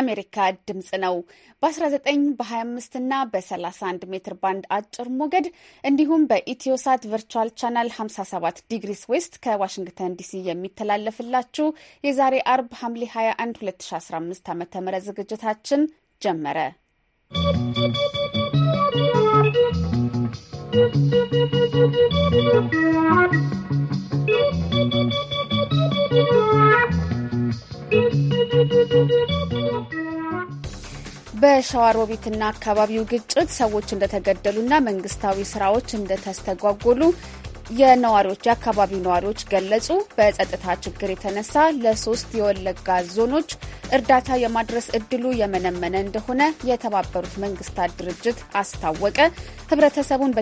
የአሜሪካ ድምፅ ነው። በ19 በ25 እና በ31 ሜትር ባንድ አጭር ሞገድ እንዲሁም በኢትዮሳት ቨርቹዋል ቻናል 57 ዲግሪስ ዌስት ከዋሽንግተን ዲሲ የሚተላለፍላችሁ የዛሬ አርብ ሐምሌ 21 2015 ም ዝግጅታችን ጀመረ። ¶¶ በሸዋሮቢትና አካባቢው ግጭት ሰዎች እንደተገደሉና መንግስታዊ ስራዎች እንደተስተጓጎሉ የነዋሪዎች የአካባቢው ነዋሪዎች ገለጹ። በጸጥታ ችግር የተነሳ ለሶስት የወለጋ ዞኖች እርዳታ የማድረስ እድሉ የመነመነ እንደሆነ የተባበሩት መንግስታት ድርጅት አስታወቀ። ህብረተሰቡን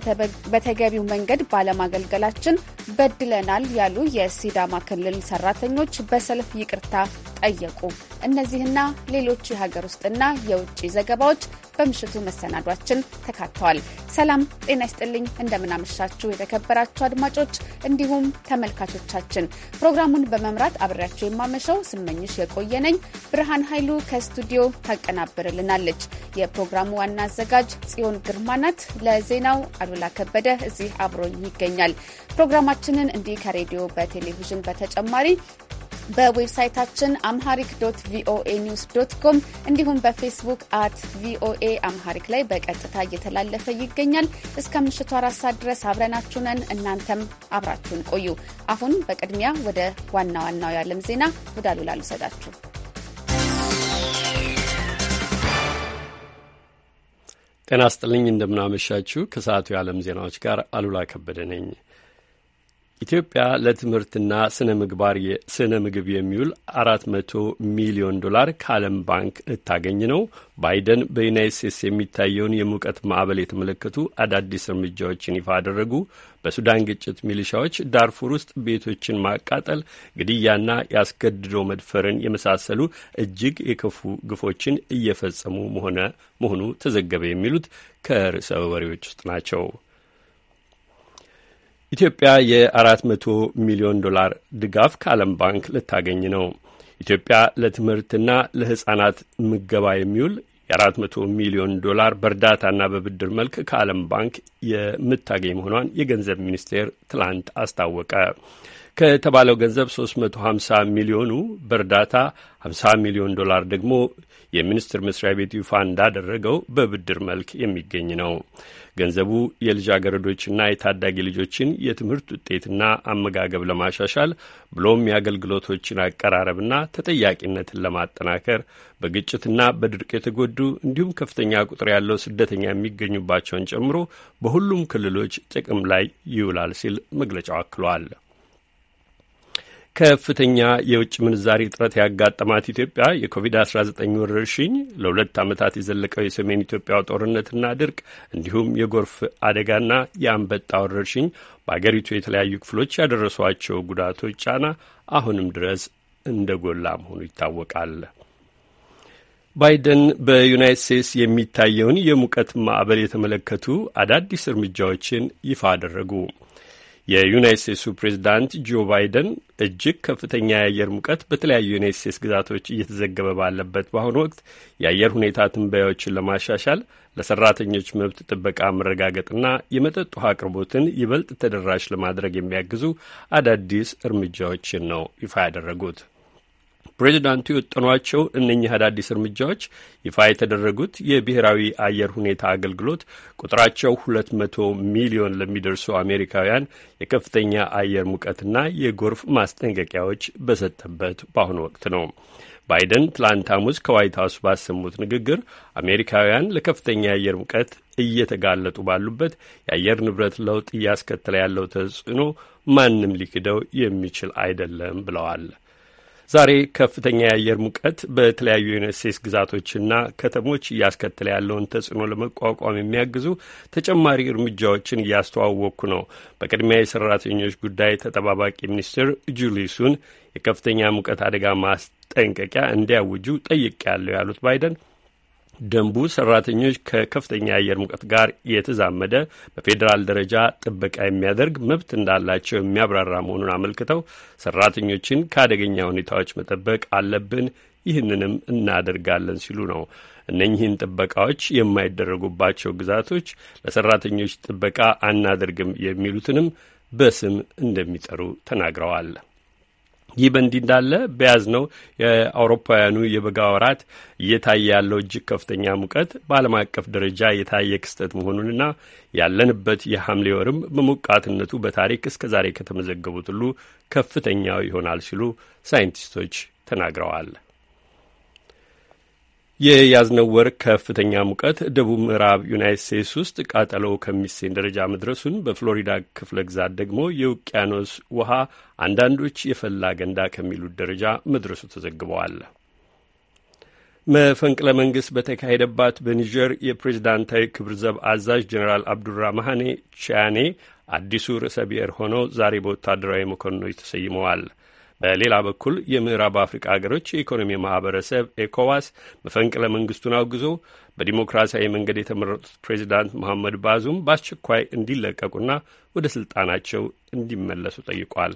በተገቢው መንገድ ባለማገልገላችን በድለናል ያሉ የሲዳማ ክልል ሰራተኞች በሰልፍ ይቅርታ ጠየቁ። እነዚህና ሌሎች የሀገር ውስጥና የውጭ ዘገባዎች በምሽቱ መሰናዷችን ተካተዋል። ሰላም ጤና ይስጥልኝ። እንደምናመሻችሁ የተከበራችሁ አድማጮች እንዲሁም ተመልካቾቻችን ፕሮግራሙን በመምራት አብሬያቸው የማመሸው ስመኝሽ የቆየነኝ። ብርሃን ኃይሉ ከስቱዲዮ ታቀናብርልናለች። የፕሮግራሙ ዋና አዘጋጅ ጽዮን ግርማ ናት። ለዜናው አሉላ ከበደ እዚህ አብሮኝ ይገኛል። ፕሮግራማችንን እንዲህ ከሬዲዮ በቴሌቪዥን በተጨማሪ በዌብሳይታችን አምሃሪክ ዶት ቪኦኤ ኒውስ ዶት ኮም እንዲሁም በፌስቡክ አት ቪኦኤ አምሃሪክ ላይ በቀጥታ እየተላለፈ ይገኛል። እስከ ምሽቱ አራት ሰዓት ድረስ አብረናችሁ ነን። እናንተም አብራችሁን ቆዩ። አሁን በቅድሚያ ወደ ዋና ዋናው የዓለም ዜና ወደ አሉላ ልውሰዳችሁ። ጤና ስጥልኝ እንደምናመሻችሁ። ከሰዓቱ የዓለም ዜናዎች ጋር አሉላ ከበደ ነኝ። ኢትዮጵያ ለትምህርትና ስነ ምግባር ስነ ምግብ የሚውል አራት መቶ ሚሊዮን ዶላር ከዓለም ባንክ ልታገኝ ነው። ባይደን በዩናይት ስቴትስ የሚታየውን የሙቀት ማዕበል የተመለከቱ አዳዲስ እርምጃዎችን ይፋ አደረጉ። በሱዳን ግጭት ሚሊሻዎች ዳርፉር ውስጥ ቤቶችን ማቃጠል፣ ግድያና ያስገድዶ መድፈርን የመሳሰሉ እጅግ የከፉ ግፎችን እየፈጸሙ መሆኑ ተዘገበ። የሚሉት ከርዕሰ ወሬዎች ውስጥ ናቸው። ኢትዮጵያ የአራት መቶ ሚሊዮን ዶላር ድጋፍ ከዓለም ባንክ ልታገኝ ነው። ኢትዮጵያ ለትምህርትና ለሕፃናት ምገባ የሚውል የ400 ሚሊዮን ዶላር በእርዳታና በብድር መልክ ከዓለም ባንክ የምታገኝ መሆኗን የገንዘብ ሚኒስቴር ትላንት አስታወቀ። ከተባለው ገንዘብ 350 ሚሊዮኑ በእርዳታ 50 ሚሊዮን ዶላር ደግሞ የሚኒስቴር መስሪያ ቤቱ ይፋ እንዳደረገው በብድር መልክ የሚገኝ ነው። ገንዘቡ የልጃገረዶችና የታዳጊ ልጆችን የትምህርት ውጤትና አመጋገብ ለማሻሻል ብሎም የአገልግሎቶችን አቀራረብና ተጠያቂነትን ለማጠናከር በግጭትና በድርቅ የተጎዱ እንዲሁም ከፍተኛ ቁጥር ያለው ስደተኛ የሚገኙባቸውን ጨምሮ በሁሉም ክልሎች ጥቅም ላይ ይውላል ሲል መግለጫው አክሏል። ከፍተኛ የውጭ ምንዛሪ እጥረት ያጋጠማት ኢትዮጵያ የኮቪድ-19 ወረርሽኝ ለሁለት ዓመታት የዘለቀው የሰሜን ኢትዮጵያው ጦርነትና ድርቅ እንዲሁም የጎርፍ አደጋና የአንበጣ ወረርሽኝ በአገሪቱ የተለያዩ ክፍሎች ያደረሷቸው ጉዳቶች ጫና አሁንም ድረስ እንደ ጎላ መሆኑ ይታወቃል። ባይደን በዩናይት ስቴትስ የሚታየውን የሙቀት ማዕበል የተመለከቱ አዳዲስ እርምጃዎችን ይፋ አደረጉ። የዩናይት ስቴትሱ ፕሬዚዳንት ጆ ባይደን እጅግ ከፍተኛ የአየር ሙቀት በተለያዩ ዩናይት ስቴትስ ግዛቶች እየተዘገበ ባለበት በአሁኑ ወቅት የአየር ሁኔታ ትንበያዎችን ለማሻሻል ለሰራተኞች መብት ጥበቃ መረጋገጥና የመጠጥ ውሃ አቅርቦትን ይበልጥ ተደራሽ ለማድረግ የሚያግዙ አዳዲስ እርምጃዎችን ነው ይፋ ያደረጉት። ፕሬዚዳንቱ የወጠኗቸው እነኚህ አዳዲስ እርምጃዎች ይፋ የተደረጉት የብሔራዊ አየር ሁኔታ አገልግሎት ቁጥራቸው ሁለት መቶ ሚሊዮን ለሚደርሱ አሜሪካውያን የከፍተኛ አየር ሙቀትና የጎርፍ ማስጠንቀቂያዎች በሰጠበት በአሁኑ ወቅት ነው። ባይደን ትላንት ሐሙስ ከዋይት ሀውስ ባሰሙት ንግግር አሜሪካውያን ለከፍተኛ የአየር ሙቀት እየተጋለጡ ባሉበት የአየር ንብረት ለውጥ እያስከተለ ያለው ተጽዕኖ ማንም ሊክደው የሚችል አይደለም ብለዋል። ዛሬ ከፍተኛ የአየር ሙቀት በተለያዩ የዩናይት ስቴትስ ግዛቶችና ከተሞች እያስከተለ ያለውን ተጽዕኖ ለመቋቋም የሚያግዙ ተጨማሪ እርምጃዎችን እያስተዋወቅኩ ነው። በቅድሚያ የሰራተኞች ጉዳይ ተጠባባቂ ሚኒስትር ጁሊሱን የከፍተኛ ሙቀት አደጋ ማስጠንቀቂያ እንዲያውጁ ያለው ያሉት ባይደን ደንቡ ሰራተኞች ከከፍተኛ የአየር ሙቀት ጋር የተዛመደ በፌዴራል ደረጃ ጥበቃ የሚያደርግ መብት እንዳላቸው የሚያብራራ መሆኑን አመልክተው ሰራተኞችን ከአደገኛ ሁኔታዎች መጠበቅ አለብን፣ ይህንንም እናደርጋለን ሲሉ ነው። እነኚህን ጥበቃዎች የማይደረጉባቸው ግዛቶች ለሰራተኞች ጥበቃ አናደርግም የሚሉትንም በስም እንደሚጠሩ ተናግረዋል። ይህ በእንዲህ እንዳለ ነው የአውሮፓውያኑ የበጋ ወራት እየታየ ያለው እጅግ ከፍተኛ ሙቀት በዓለም አቀፍ ደረጃ የታየ ክስተት መሆኑንና ያለንበት የሐምሌ ወርም በሞቃትነቱ በታሪክ እስከ ዛሬ ከተመዘገቡት ሁሉ ከፍተኛው ይሆናል ሲሉ ሳይንቲስቶች ተናግረዋል። የያዝነው ወር ከፍተኛ ሙቀት ደቡብ ምዕራብ ዩናይት ስቴትስ ውስጥ ቃጠሎ ከሚሴን ደረጃ መድረሱን፣ በፍሎሪዳ ክፍለ ግዛት ደግሞ የውቅያኖስ ውሃ አንዳንዶች የፈላ ገንዳ ከሚሉት ደረጃ መድረሱ ተዘግበዋል። መፈንቅለ መንግስት በተካሄደባት በኒጀር የፕሬዝዳንታዊ ክብር ዘብ አዛዥ ጀኔራል አብዱራማሃኔ ቺያኔ አዲሱ ርዕሰ ብሔር ሆነው ዛሬ በወታደራዊ መኮንኖች ተሰይመዋል። በሌላ በኩል የምዕራብ አፍሪቃ ሀገሮች የኢኮኖሚ ማህበረሰብ ኤኮዋስ መፈንቅለ መንግስቱን አውግዞ በዲሞክራሲያዊ መንገድ የተመረጡት ፕሬዚዳንት መሐመድ ባዙም በአስቸኳይ እንዲለቀቁና ወደ ስልጣናቸው እንዲመለሱ ጠይቋል።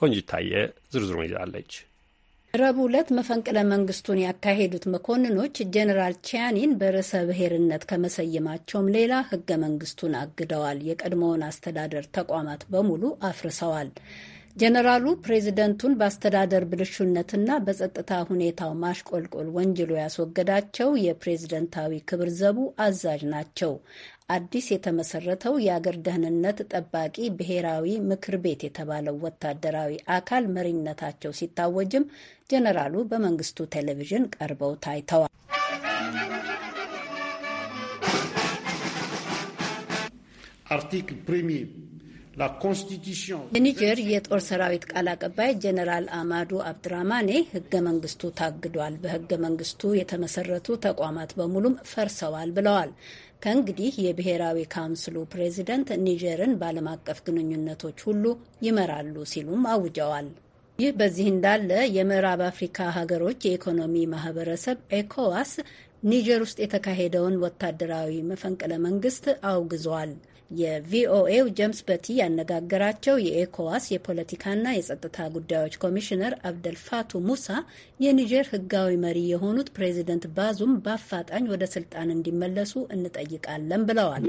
ቆንጅታየ ዝርዝሩን ይዛለች። ረቡዕ ዕለት መፈንቅለ መንግስቱን ያካሄዱት መኮንኖች ጀኔራል ቺያኒን በርዕሰ ብሔርነት ከመሰየማቸውም ሌላ ህገ መንግስቱን አግደዋል። የቀድሞውን አስተዳደር ተቋማት በሙሉ አፍርሰዋል። ጀነራሉ ፕሬዚደንቱን በአስተዳደር ብልሹነትና በጸጥታ ሁኔታው ማሽቆልቆል ወንጅሎ ያስወገዳቸው የፕሬዝደንታዊ ክብር ዘቡ አዛዥ ናቸው። አዲስ የተመሰረተው የአገር ደህንነት ጠባቂ ብሔራዊ ምክር ቤት የተባለው ወታደራዊ አካል መሪነታቸው ሲታወጅም ጀነራሉ በመንግስቱ ቴሌቪዥን ቀርበው ታይተዋል። አርቲክል ፕሪሚየር የኒጀር የጦር ሰራዊት ቃል አቀባይ ጀነራል አማዱ አብድራማኔ ህገ መንግስቱ ታግዷል፣ በህገ መንግስቱ የተመሰረቱ ተቋማት በሙሉም ፈርሰዋል ብለዋል። ከእንግዲህ የብሔራዊ ካውንስሉ ፕሬዚደንት ኒጀርን በዓለም አቀፍ ግንኙነቶች ሁሉ ይመራሉ ሲሉም አውጀዋል። ይህ በዚህ እንዳለ የምዕራብ አፍሪካ ሀገሮች የኢኮኖሚ ማህበረሰብ ኤኮዋስ ኒጀር ውስጥ የተካሄደውን ወታደራዊ መፈንቅለ መንግስት አውግዟል። የቪኦኤው ጀምስ በቲ ያነጋገራቸው የኤኮዋስ የፖለቲካና የጸጥታ ጉዳዮች ኮሚሽነር አብደልፋቱ ሙሳ የኒጀር ሕጋዊ መሪ የሆኑት ፕሬዚደንት ባዙም በአፋጣኝ ወደ ስልጣን እንዲመለሱ እንጠይቃለን ብለዋል።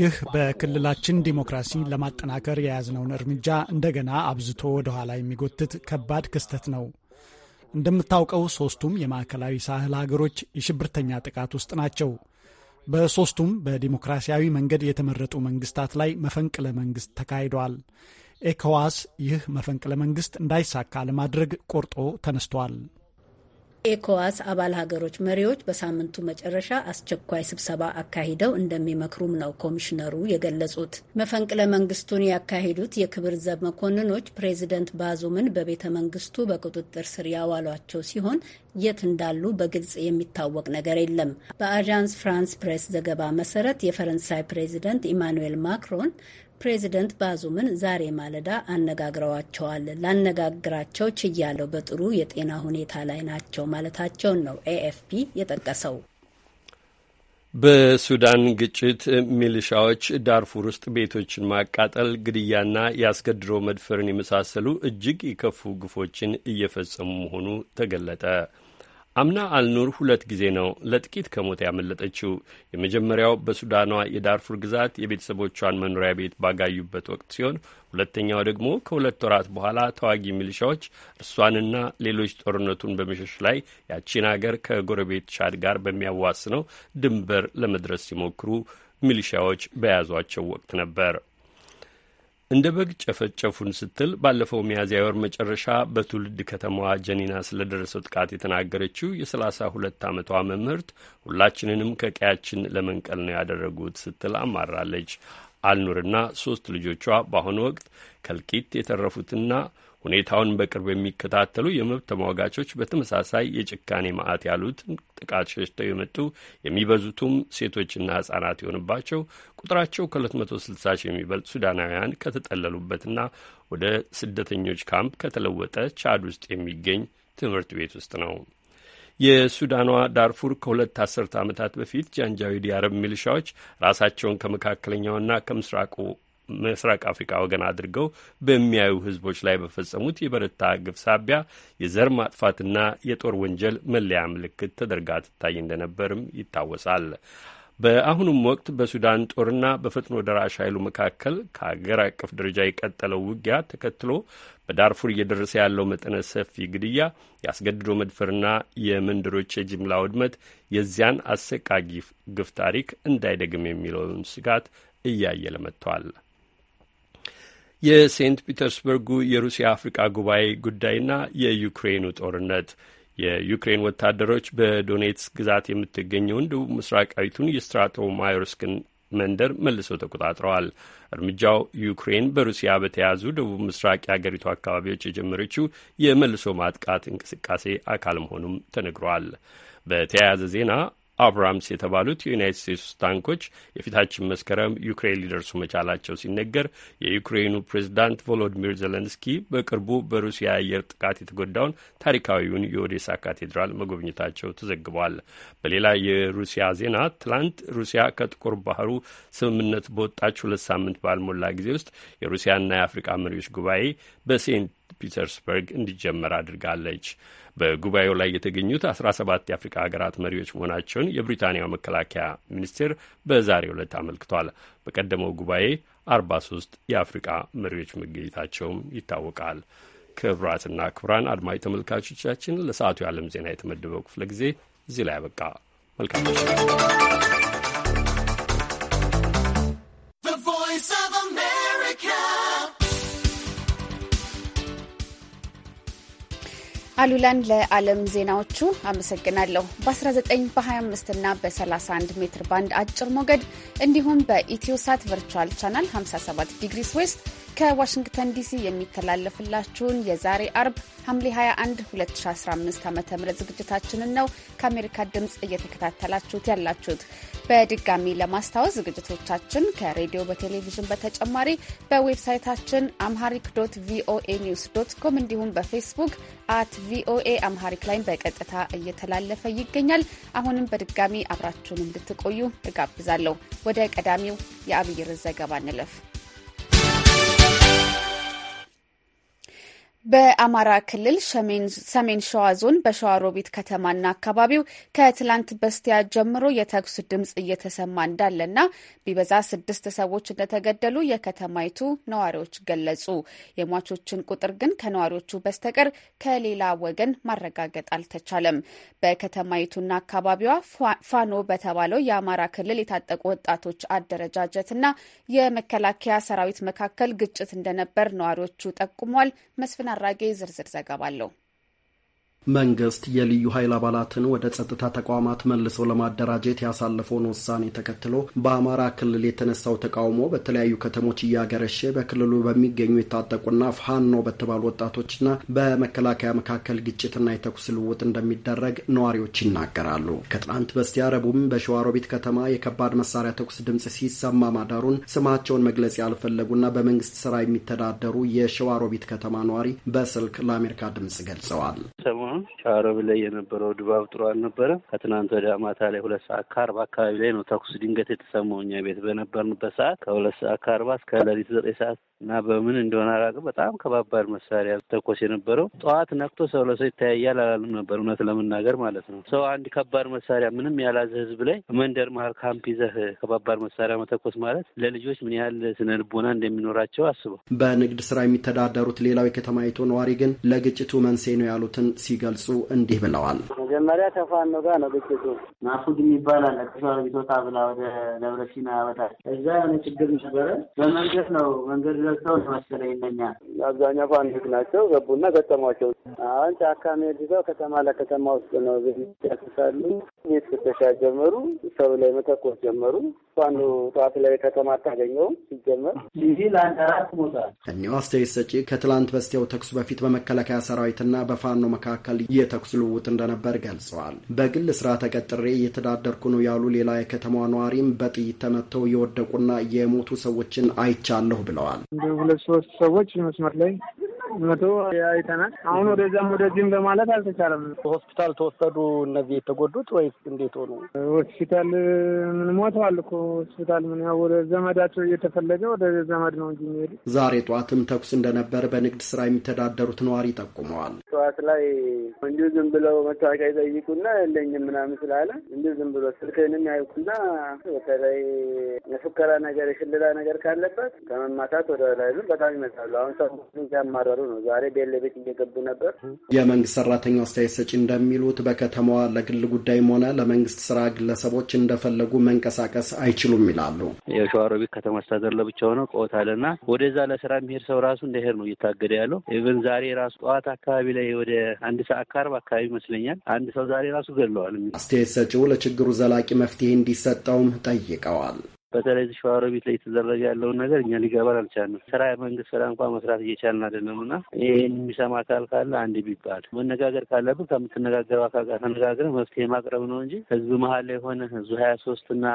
ይህ በክልላችን ዲሞክራሲ ለማጠናከር የያዝነውን እርምጃ እንደገና አብዝቶ ወደኋላ የሚጎትት ከባድ ክስተት ነው። እንደምታውቀው ሶስቱም የማዕከላዊ ሳህል ሀገሮች የሽብርተኛ ጥቃት ውስጥ ናቸው። በሶስቱም በዲሞክራሲያዊ መንገድ የተመረጡ መንግስታት ላይ መፈንቅለ መንግስት ተካሂደዋል። ኤኮዋስ ይህ መፈንቅለ መንግስት እንዳይሳካ ለማድረግ ቆርጦ ተነስቷል። ኤኮዋስ አባል ሀገሮች መሪዎች በሳምንቱ መጨረሻ አስቸኳይ ስብሰባ አካሂደው እንደሚመክሩም ነው ኮሚሽነሩ የገለጹት። መፈንቅለ መንግስቱን ያካሄዱት የክብር ዘብ መኮንኖች ፕሬዚደንት ባዙምን በቤተ መንግስቱ በቁጥጥር ስር ያዋሏቸው ሲሆን የት እንዳሉ በግልጽ የሚታወቅ ነገር የለም። በአዣንስ ፍራንስ ፕሬስ ዘገባ መሰረት የፈረንሳይ ፕሬዚደንት ኢማኑኤል ማክሮን ፕሬዚደንት ባዙምን ዛሬ ማለዳ አነጋግረዋቸዋል። ላነጋግራቸው ችያለው፣ በጥሩ የጤና ሁኔታ ላይ ናቸው ማለታቸውን ነው ኤኤፍፒ የጠቀሰው። በሱዳን ግጭት ሚሊሻዎች ዳርፉር ውስጥ ቤቶችን ማቃጠል፣ ግድያና የአስገድሮ መድፈርን የመሳሰሉ እጅግ የከፉ ግፎችን እየፈጸሙ መሆኑ ተገለጠ። አምና አልኑር ሁለት ጊዜ ነው ለጥቂት ከሞት ያመለጠችው። የመጀመሪያው በሱዳኗ የዳርፉር ግዛት የቤተሰቦቿን መኖሪያ ቤት ባጋዩበት ወቅት ሲሆን ሁለተኛው ደግሞ ከሁለት ወራት በኋላ ተዋጊ ሚሊሻዎች እርሷንና ሌሎች ጦርነቱን በመሸሽ ላይ ያቺን አገር ከጎረቤት ሻድ ጋር በሚያዋስነው ድንበር ለመድረስ ሲሞክሩ ሚሊሻዎች በያዟቸው ወቅት ነበር። እንደ በግ ጨፈጨፉን ስትል ባለፈው ሚያዝያ ወር መጨረሻ በትውልድ ከተማዋ ጀኒና ስለደረሰው ጥቃት የተናገረችው የሰላሳ ሁለት ዓመቷ መምህርት ሁላችንንም ከቀያችን ለመንቀል ነው ያደረጉት ስትል አማራለች። አልኑርና ሶስት ልጆቿ በአሁኑ ወቅት ከልቂት የተረፉትና ሁኔታውን በቅርብ የሚከታተሉ የመብት ተሟጋቾች በተመሳሳይ የጭካኔ ማዕት ያሉትን ጥቃት ሸሽተው የመጡ የሚበዙቱም ሴቶችና ህጻናት የሆኑባቸው ቁጥራቸው ከ260 ሺህ የሚበልጥ ሱዳናውያን ከተጠለሉበትና ወደ ስደተኞች ካምፕ ከተለወጠ ቻድ ውስጥ የሚገኝ ትምህርት ቤት ውስጥ ነው። የሱዳኗ ዳርፉር ከሁለት አስርተ ዓመታት በፊት ጃንጃዊድ የአረብ ሚሊሻዎች ራሳቸውን ከመካከለኛውና ከምስራቁ ምስራቅ አፍሪካ ወገን አድርገው በሚያዩ ህዝቦች ላይ በፈጸሙት የበረታ ግፍ ሳቢያ የዘር ማጥፋትና የጦር ወንጀል መለያ ምልክት ተደርጋ ትታይ እንደነበርም ይታወሳል። በአሁኑም ወቅት በሱዳን ጦርና በፈጥኖ ደራሽ ኃይሉ መካከል ከሀገር አቀፍ ደረጃ የቀጠለው ውጊያ ተከትሎ በዳርፉር እየደረሰ ያለው መጠነ ሰፊ ግድያ፣ የአስገድዶ መድፈርና የመንደሮች የጅምላ ውድመት የዚያን አሰቃቂ ግፍ ታሪክ እንዳይደግም የሚለውን ስጋት እያየለ መጥቷል። የሴንት ፒተርስበርጉ የሩሲያ አፍሪቃ ጉባኤ ጉዳይና የዩክሬኑ ጦርነት የዩክሬን ወታደሮች በዶኔትስክ ግዛት የምትገኘውን ደቡብ ምስራቃዊቱን የስትራቶ ማዮርስክን መንደር መልሰው ተቆጣጥረዋል። እርምጃው ዩክሬን በሩሲያ በተያዙ ደቡብ ምስራቅ የአገሪቱ አካባቢዎች የጀመረችው የመልሶ ማጥቃት እንቅስቃሴ አካል መሆኑም ተነግሯል። በተያያዘ ዜና አብራምስ የተባሉት የዩናይት ስቴትስ ታንኮች የፊታችን መስከረም ዩክሬን ሊደርሱ መቻላቸው ሲነገር የዩክሬኑ ፕሬዚዳንት ቮሎዲሚር ዜሌንስኪ በቅርቡ በሩሲያ አየር ጥቃት የተጎዳውን ታሪካዊውን የኦዴሳ ካቴድራል መጎብኘታቸው ተዘግቧል። በሌላ የሩሲያ ዜና ትላንት ሩሲያ ከጥቁር ባህሩ ስምምነት በወጣች ሁለት ሳምንት ባልሞላ ጊዜ ውስጥ የሩሲያና የአፍሪቃ መሪዎች ጉባኤ በሴንት ፒተርስበርግ እንዲጀመር አድርጋለች። በጉባኤው ላይ የተገኙት አስራ ሰባት የአፍሪካ ሀገራት መሪዎች መሆናቸውን የብሪታንያው መከላከያ ሚኒስቴር በዛሬው ዕለት አመልክቷል። በቀደመው ጉባኤ አርባ ሶስት የአፍሪቃ መሪዎች መገኘታቸውም ይታወቃል። ክቡራትና ክቡራን አድማጭ ተመልካቾቻችን ለሰዓቱ የዓለም ዜና የተመደበው ክፍለ ጊዜ እዚህ ላይ አበቃ። መልካም አሉላን ለዓለም ዜናዎቹ አመሰግናለሁ። በ19 በ25 እና በ31 ሜትር ባንድ አጭር ሞገድ እንዲሁም በኢትዮሳት ቨርቹዋል ቻናል 57 ዲግሪስ ዌስት ከዋሽንግተን ዲሲ የሚተላለፍላችሁን የዛሬ አርብ ሐምሌ 21 2015 ዓ ም ዝግጅታችንን ነው ከአሜሪካ ድምፅ እየተከታተላችሁት ያላችሁት። በድጋሚ ለማስታወስ ዝግጅቶቻችን ከሬዲዮ በቴሌቪዥን በተጨማሪ በዌብሳይታችን አምሃሪክ ዶት ቪኦኤ ኒውስ ዶት ኮም እንዲሁም በፌስቡክ አት ቪኦኤ አምሃሪክ ላይ በቀጥታ እየተላለፈ ይገኛል። አሁንም በድጋሚ አብራችሁን እንድትቆዩ እጋብዛለሁ። ወደ ቀዳሚው የአብይር ዘገባ እንለፍ። በአማራ ክልል ሰሜን ሸዋ ዞን በሸዋሮቢት ከተማና አካባቢው ከትላንት በስቲያ ጀምሮ የተኩስ ድምፅ እየተሰማ እንዳለና ቢበዛ ስድስት ሰዎች እንደተገደሉ የከተማይቱ ነዋሪዎች ገለጹ። የሟቾችን ቁጥር ግን ከነዋሪዎቹ በስተቀር ከሌላ ወገን ማረጋገጥ አልተቻለም። በከተማይቱና አካባቢዋ ፋኖ በተባለው የአማራ ክልል የታጠቁ ወጣቶች አደረጃጀትና የመከላከያ ሰራዊት መካከል ግጭት እንደነበር ነዋሪዎቹ ጠቁሟል። መስፍና አራጌ ዝርዝር ዘገባ አለው። መንግስት የልዩ ኃይል አባላትን ወደ ጸጥታ ተቋማት መልሶ ለማደራጀት ያሳለፈውን ውሳኔ ተከትሎ በአማራ ክልል የተነሳው ተቃውሞ በተለያዩ ከተሞች እያገረሸ በክልሉ በሚገኙ የታጠቁና ፋኖ በተባሉ ወጣቶችና በመከላከያ መካከል ግጭትና የተኩስ ልውውጥ እንደሚደረግ ነዋሪዎች ይናገራሉ። ከትናንት በስቲያ በሸዋሮ በሸዋሮቢት ከተማ የከባድ መሳሪያ ተኩስ ድምጽ ሲሰማ ማዳሩን ስማቸውን መግለጽ ያልፈለጉና በመንግስት ስራ የሚተዳደሩ የሸዋሮቢት ከተማ ነዋሪ በስልክ ለአሜሪካ ድምጽ ገልጸዋል። ሰሞኑ ነው። አርብ ላይ የነበረው ድባብ ጥሩ አልነበረም። ከትናንት ወደ ማታ ላይ ሁለት ሰዓት ከአርባ አካባቢ ላይ ነው ተኩስ ድንገት የተሰማው እኛ ቤት በነበርንበት ሰዓት ከሁለት ሰዓት ከአርባ እስከ ሌሊት ዘጠኝ ሰዓት እና በምን እንደሆነ አላውቅም። በጣም ከባባድ መሳሪያ ተኮስ የነበረው ጠዋት ነቅቶ ሰው ለሰው ይተያያል አላልም ነበር እውነት ለመናገር ማለት ነው። ሰው አንድ ከባድ መሳሪያ ምንም ያላዘ ህዝብ ላይ መንደር መሀል ካምፕ ይዘህ ከባባድ መሳሪያ መተኮስ ማለት ለልጆች ምን ያህል ስነ ልቦና እንደሚኖራቸው አስበው። በንግድ ስራ የሚተዳደሩት ሌላው የከተማይቱ ነዋሪ ግን ለግጭቱ መንስኤ ነው ያሉትን ሲ ሲገልጹ እንዲህ ብለዋል። መጀመሪያ ከፋኖ ጋር ነው ግጭቱ። ናፉድ የሚባል አለ ቅሻ ቢቶታ ብላ ወደ ደብረ ሲና በታች እዛ የሆነ ችግር ነበረ። በመንገድ ነው መንገድ ዘግተው መሰለኝ እነኛ አብዛኛው ፋኖች ናቸው ገቡና ገጠሟቸው። አሁን ጫካ ሜድዛው ከተማ ለከተማ ውስጥ ነው ያስሳሉ። ቤት ፍተሻ ጀመሩ። ሰው ላይ መተኮስ ጀመሩ። ፋኖ ጠዋት ላይ ከተማ አታገኘውም ሲጀመር ሲቪል አንድ አራት ሞታል። እኒው አስተያየት ሰጪ ከትላንት በስቲያው ተኩሱ በፊት በመከላከያ ሰራዊትና በፋኖ መካከል መካከል የተኩስ ልውውጥ እንደነበር ገልጸዋል። በግል ስራ ተቀጥሬ እየተዳደርኩ ነው ያሉ ሌላ የከተማ ነዋሪም በጥይት ተመተው የወደቁና የሞቱ ሰዎችን አይቻለሁ ብለዋል። ሁለት ሶስት ሰዎች መስመር ላይ መቶ አይተናል። አሁን ወደዚያም ወደዚህም በማለት አልተቻለም። ሆስፒታል ተወሰዱ እነዚህ የተጎዱት ወይስ እንዴት ሆኑ? ሆስፒታል ምን ሞተዋል እኮ ሆስፒታል ምን ያው ወደ ዘመዳቸው እየተፈለገ ወደ ዘመድ ነው እንጂ የሚሄዱ። ዛሬ ጠዋትም ተኩስ እንደነበር በንግድ ስራ የሚተዳደሩት ነዋሪ ጠቁመዋል። ጠዋት ላይ እንዲሁ ዝም ብለው መታወቂያ ይጠይቁና የለኝም ምናምን ስላለ እንዲሁ ዝም ብሎ ስልክንም ያዩኩና በተለይ የፉከራ ነገር የሽለላ ነገር ካለበት ከመማታት ወደ ላይ በጣም ይመጣሉ። አሁን ሰው ያማረ እየተናገሩ ነው። ዛሬ ቤት ለቤት እየገቡ ነበር። የመንግስት ሰራተኛ አስተያየት ሰጪ እንደሚሉት በከተማዋ ለግል ጉዳይም ሆነ ለመንግስት ስራ ግለሰቦች እንደፈለጉ መንቀሳቀስ አይችሉም ይላሉ። የሸዋሮቢት ከተማ አስተዳደር ለብቻ ሆነው ቆታልና ወደዛ ለስራ የሚሄድ ሰው ራሱ እንደሄድ ነው እየታገደ ያለው። ኢቨን ዛሬ ራሱ ጠዋት አካባቢ ላይ ወደ አንድ ሰዓት አካርብ አካባቢ ይመስለኛል አንድ ሰው ዛሬ ራሱ ገለዋል። አስተያየት ሰጪው ለችግሩ ዘላቂ መፍትሄ እንዲሰጠውም ጠይቀዋል። በተለይ ሸዋሮቢት ላይ የተደረገ ያለውን ነገር እኛ ሊገባን አልቻልንም። ስራ የመንግስት ስራ እንኳ መስራት እየቻልን አይደለም እና ይህን የሚሰማ አካል ካለ አንድ ቢባል መነጋገር ካለብን ከምትነጋገረው አካል ጋር ተነጋግረን መፍትሄ ማቅረብ ነው እንጂ ህዝብ መሀል ላይ የሆነ ህዝብ ሀያ ሶስት እና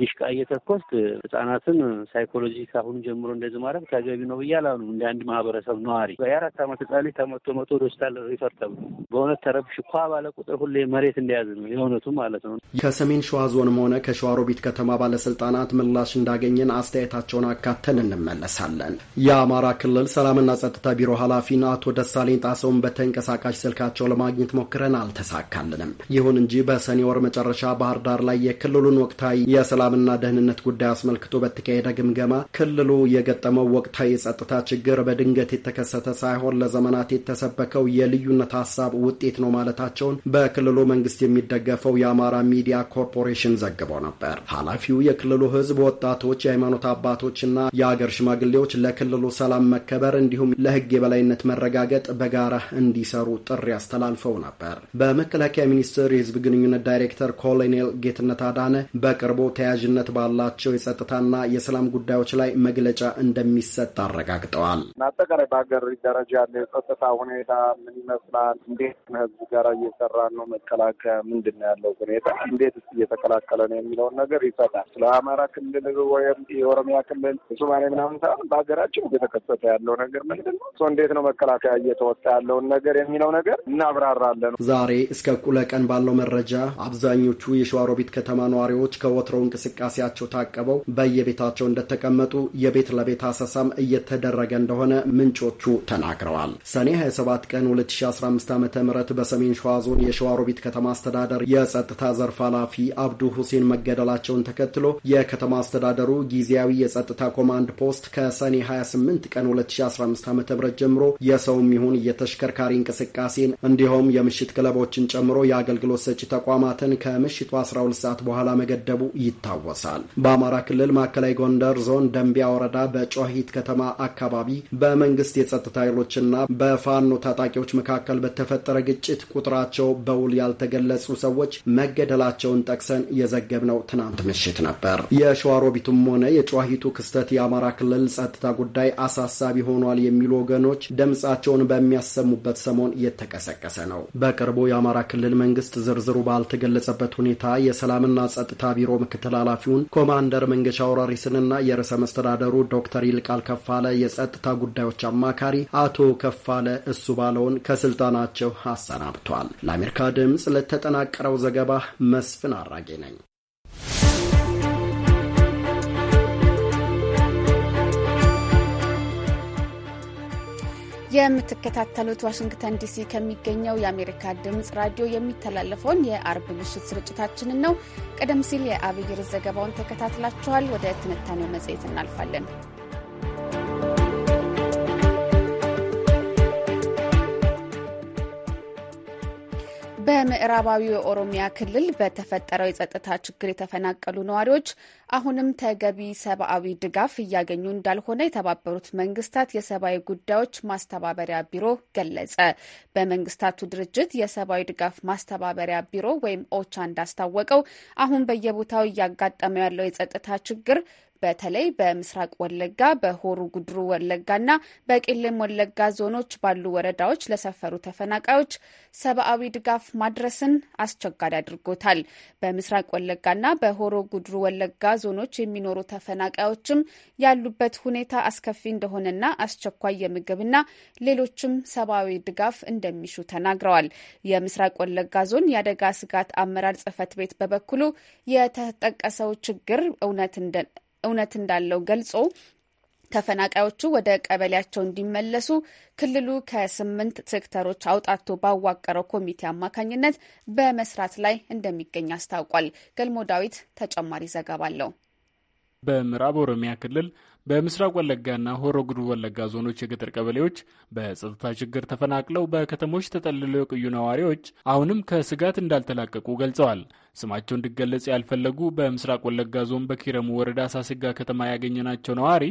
ዲሽቃ እየተኮስት ህጻናትን ሳይኮሎጂ ካሁኑ ጀምሮ እንደዚህ ማድረግ ተገቢ ነው ብዬ አላምንም። እንደ አንድ ማህበረሰብ ነዋሪ የአራት ዓመት ህጻን ልጅ ተመቶ መቶ ወደ ሆስፒታል ሪፈር ተብሎ በእውነት ተረብሽ እኳ ባለ ቁጥር ሁሌ መሬት እንደያዝ ነው የእውነቱ ማለት ነው። ከሰሜን ሸዋ ዞንም ሆነ ከሸዋሮቢት ከተማ ባለስልጣናት ምላሽ እንዳገኘን አስተያየታቸውን አካተን እንመለሳለን። የአማራ ክልል ሰላምና ጸጥታ ቢሮ ኃላፊን አቶ ደሳለኝ ጣሰውን በተንቀሳቃሽ ስልካቸው ለማግኘት ሞክረን አልተሳካልንም። ይሁን እንጂ በሰኔ ወር መጨረሻ ባህር ዳር ላይ የክልሉን ወቅታዊ የሰላምና ደህንነት ጉዳይ አስመልክቶ በተካሄደ ግምገማ ክልሉ የገጠመው ወቅታዊ የጸጥታ ችግር በድንገት የተከሰተ ሳይሆን ለዘመናት የተሰበከው የልዩነት ሀሳብ ውጤት ነው ማለታቸውን በክልሉ መንግስት የሚደገፈው የአማራ ሚዲያ ኮርፖሬሽን ዘግቦ ነበር። ኃላፊው የክልሉ ህዝብ የህዝብ ወጣቶች፣ የሃይማኖት አባቶችና የአገር ሽማግሌዎች ለክልሉ ሰላም መከበር እንዲሁም ለህግ የበላይነት መረጋገጥ በጋራ እንዲሰሩ ጥሪ አስተላልፈው ነበር። በመከላከያ ሚኒስቴር የህዝብ ግንኙነት ዳይሬክተር ኮሎኔል ጌትነት አዳነ በቅርቡ ተያያዥነት ባላቸው የጸጥታና የሰላም ጉዳዮች ላይ መግለጫ እንደሚሰጥ አረጋግጠዋል። አጠቃላይ በሀገር ደረጃ ያለ የጸጥታ ሁኔታ ምን ይመስላል? እንዴት ህዝብ ጋር እየሰራ ነው? መከላከያ ምንድን ነው ያለው ሁኔታ? እንዴት እየተከላከለ ነው የሚለውን ነገር ይሰጣል። ስለ አማራ ክልል ወይም የኦሮሚያ ክልል ሶማሌ ምናምን ሳይሆን በሀገራችን እየተከሰተ ያለው ነገር ምንድን ነው? እንዴት ነው መከላከያ እየተወጣ ያለውን ነገር የሚለው ነገር እናብራራለን። ዛሬ እስከ እኩለ ቀን ባለው መረጃ አብዛኞቹ የሸዋሮቢት ከተማ ነዋሪዎች ከወትሮው እንቅስቃሴያቸው ታቀበው በየቤታቸው እንደተቀመጡ የቤት ለቤት አሰሳም እየተደረገ እንደሆነ ምንጮቹ ተናግረዋል። ሰኔ 27 ቀን 2015 ዓ ም በሰሜን ሸዋ ዞን የሸዋሮቢት ከተማ አስተዳደር የጸጥታ ዘርፍ ኃላፊ አብዱ ሁሴን መገደላቸውን ተከትሎ የከተማ ከተማ አስተዳደሩ ጊዜያዊ የጸጥታ ኮማንድ ፖስት ከሰኔ 28 ቀን 2015 ዓ ም ጀምሮ የሰውም ይሁን የተሽከርካሪ እንቅስቃሴን እንዲሁም የምሽት ክለቦችን ጨምሮ የአገልግሎት ሰጪ ተቋማትን ከምሽቱ 12 ሰዓት በኋላ መገደቡ ይታወሳል። በአማራ ክልል ማዕከላዊ ጎንደር ዞን ደንቢያ ወረዳ በጮሂት ከተማ አካባቢ በመንግስት የጸጥታ ኃይሎችና በፋኖ ታጣቂዎች መካከል በተፈጠረ ግጭት ቁጥራቸው በውል ያልተገለጹ ሰዎች መገደላቸውን ጠቅሰን የዘገብነው ትናንት ምሽት ነበር። የሸዋሮቢቱም ሆነ የጨዋሂቱ ክስተት የአማራ ክልል ጸጥታ ጉዳይ አሳሳቢ ሆኗል የሚሉ ወገኖች ድምጻቸውን በሚያሰሙበት ሰሞን እየተቀሰቀሰ ነው። በቅርቡ የአማራ ክልል መንግስት ዝርዝሩ ባልተገለጸበት ሁኔታ የሰላምና ጸጥታ ቢሮ ምክትል ኃላፊውን ኮማንደር መንገሻ ወራሪስንና የርዕሰ መስተዳደሩ ዶክተር ይልቃል ከፋለ የጸጥታ ጉዳዮች አማካሪ አቶ ከፋለ እሱ ባለውን ከስልጣናቸው አሰናብቷል። ለአሜሪካ ድምፅ ለተጠናቀረው ዘገባ መስፍን አራጌ ነኝ። የምትከታተሉት ዋሽንግተን ዲሲ ከሚገኘው የአሜሪካ ድምፅ ራዲዮ የሚተላለፈውን የአርብ ምሽት ስርጭታችንን ነው። ቀደም ሲል የአብይር ዘገባውን ተከታትላችኋል። ወደ ትንታኔው መጽሔት እናልፋለን። በምዕራባዊ የኦሮሚያ ክልል በተፈጠረው የጸጥታ ችግር የተፈናቀሉ ነዋሪዎች አሁንም ተገቢ ሰብአዊ ድጋፍ እያገኙ እንዳልሆነ የተባበሩት መንግስታት የሰብአዊ ጉዳዮች ማስተባበሪያ ቢሮ ገለጸ። በመንግስታቱ ድርጅት የሰብአዊ ድጋፍ ማስተባበሪያ ቢሮ ወይም ኦቻ እንዳስታወቀው አሁን በየቦታው እያጋጠመው ያለው የጸጥታ ችግር በተለይ በምስራቅ ወለጋ፣ በሆሩ ጉድሩ ወለጋና በቄለም ወለጋ ዞኖች ባሉ ወረዳዎች ለሰፈሩ ተፈናቃዮች ሰብአዊ ድጋፍ ማድረስን አስቸጋሪ አድርጎታል። በምስራቅ ወለጋና በሆሮ ጉድሩ ወለጋ ዞኖች የሚኖሩ ተፈናቃዮችም ያሉበት ሁኔታ አስከፊ እንደሆነና አስቸኳይ የምግብና ሌሎችም ሰብአዊ ድጋፍ እንደሚሹ ተናግረዋል። የምስራቅ ወለጋ ዞን የአደጋ ስጋት አመራር ጽህፈት ቤት በበኩሉ የተጠቀሰው ችግር እውነት እውነት እንዳለው ገልጾ ተፈናቃዮቹ ወደ ቀበሌያቸው እንዲመለሱ ክልሉ ከስምንት ሴክተሮች አውጣቶ ባዋቀረው ኮሚቴ አማካኝነት በመስራት ላይ እንደሚገኝ አስታውቋል። ገልሞ ዳዊት ተጨማሪ ዘገባ አለው። በምዕራብ ኦሮሚያ ክልል በምስራቅ ወለጋና ሆሮ ጉዱ ወለጋ ዞኖች የገጠር ቀበሌዎች በጸጥታ ችግር ተፈናቅለው በከተሞች ተጠልለው የቆዩ ነዋሪዎች አሁንም ከስጋት እንዳልተላቀቁ ገልጸዋል። ስማቸው እንዲገለጽ ያልፈለጉ በምስራቅ ወለጋ ዞን በኪረሙ ወረዳ ሳስጋ ከተማ ያገኘናቸው ነዋሪ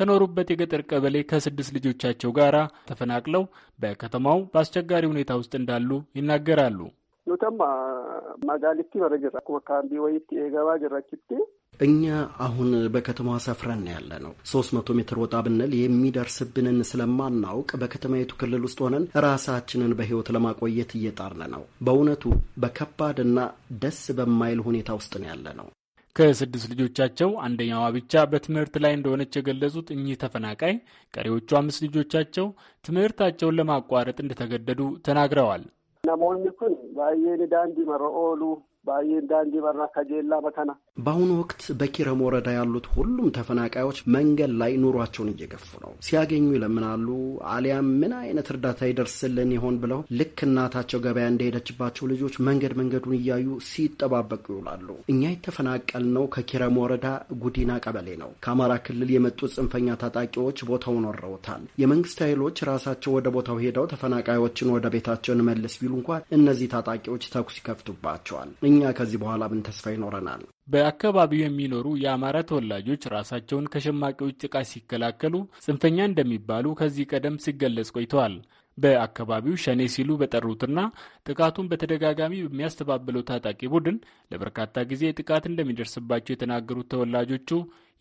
ከኖሩበት የገጠር ቀበሌ ከስድስት ልጆቻቸው ጋር ተፈናቅለው በከተማው በአስቸጋሪ ሁኔታ ውስጥ እንዳሉ ይናገራሉ። nutamma magaalitti bara jirra akkuma kaambii wayiitti eegamaa jirra achitti እኛ አሁን በከተማ ሰፍረን ያለ ነው። ሶስት መቶ ሜትር ወጣ ብንል የሚደርስብንን ስለማናውቅ በከተማይቱ ክልል ውስጥ ሆነን ራሳችንን በህይወት ለማቆየት እየጣርን ነው። በእውነቱ በከባድና ደስ በማይል ሁኔታ ውስጥ ነው ያለ ነው። ከስድስት ልጆቻቸው አንደኛዋ ብቻ በትምህርት ላይ እንደሆነች የገለጹት እኚህ ተፈናቃይ ቀሪዎቹ አምስት ልጆቻቸው ትምህርታቸውን ለማቋረጥ እንደተገደዱ ተናግረዋል። Namoonni kun ni daandii marra oolu. በአሁኑ ወቅት በኪረም ወረዳ ያሉት ሁሉም ተፈናቃዮች መንገድ ላይ ኑሯቸውን እየገፉ ነው። ሲያገኙ ይለምናሉ፣ አሊያም ምን አይነት እርዳታ ይደርስልን ይሆን ብለው ልክ እናታቸው ገበያ እንደሄደችባቸው ልጆች መንገድ መንገዱን እያዩ ሲጠባበቁ ይውላሉ። እኛ የተፈናቀልነው ከኪረም ወረዳ ጉዲና ቀበሌ ነው። ከአማራ ክልል የመጡ ጽንፈኛ ታጣቂዎች ቦታውን ወረውታል። የመንግስት ኃይሎች ራሳቸው ወደ ቦታው ሄደው ተፈናቃዮችን ወደ ቤታቸው እንመልስ ቢሉ እንኳን እነዚህ ታጣቂዎች ተኩስ ይከፍቱባቸዋል። እኛ ከዚህ በኋላ ምን ተስፋ ይኖረናል? በአካባቢው የሚኖሩ የአማራ ተወላጆች ራሳቸውን ከሸማቂዎች ጥቃት ሲከላከሉ ጽንፈኛ እንደሚባሉ ከዚህ ቀደም ሲገለጽ ቆይተዋል። በአካባቢው ሸኔ ሲሉ በጠሩትና ጥቃቱን በተደጋጋሚ በሚያስተባብለው ታጣቂ ቡድን ለበርካታ ጊዜ ጥቃት እንደሚደርስባቸው የተናገሩት ተወላጆቹ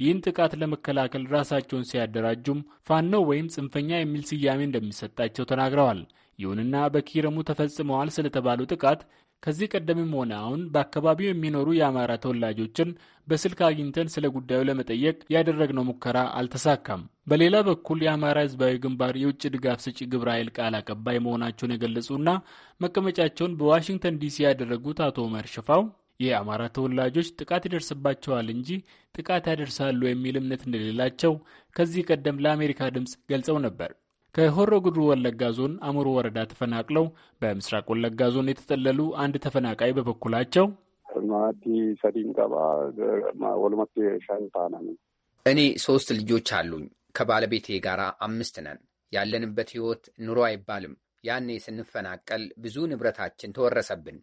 ይህን ጥቃት ለመከላከል ራሳቸውን ሲያደራጁም ፋኖ ወይም ጽንፈኛ የሚል ስያሜ እንደሚሰጣቸው ተናግረዋል። ይሁንና በኪረሙ ተፈጽመዋል ስለተባሉ ጥቃት ከዚህ ቀደምም ሆነ አሁን በአካባቢው የሚኖሩ የአማራ ተወላጆችን በስልክ አግኝተን ስለ ጉዳዩ ለመጠየቅ ያደረግነው ሙከራ አልተሳካም። በሌላ በኩል የአማራ ሕዝባዊ ግንባር የውጭ ድጋፍ ሰጪ ግብረ ኃይል ቃል አቀባይ መሆናቸውን የገለጹና መቀመጫቸውን በዋሽንግተን ዲሲ ያደረጉት አቶ ኦመር ሽፋው የአማራ ተወላጆች ጥቃት ይደርስባቸዋል እንጂ ጥቃት ያደርሳሉ የሚል እምነት እንደሌላቸው ከዚህ ቀደም ለአሜሪካ ድምፅ ገልጸው ነበር። ከሆሮ ጉድሩ ወለጋ ዞን አሙሩ ወረዳ ተፈናቅለው በምስራቅ ወለጋ ዞን የተጠለሉ አንድ ተፈናቃይ በበኩላቸው እኔ ሶስት ልጆች አሉኝ። ከባለቤቴ ጋር አምስት ነን። ያለንበት ህይወት ኑሮ አይባልም። ያኔ ስንፈናቀል ብዙ ንብረታችን ተወረሰብን።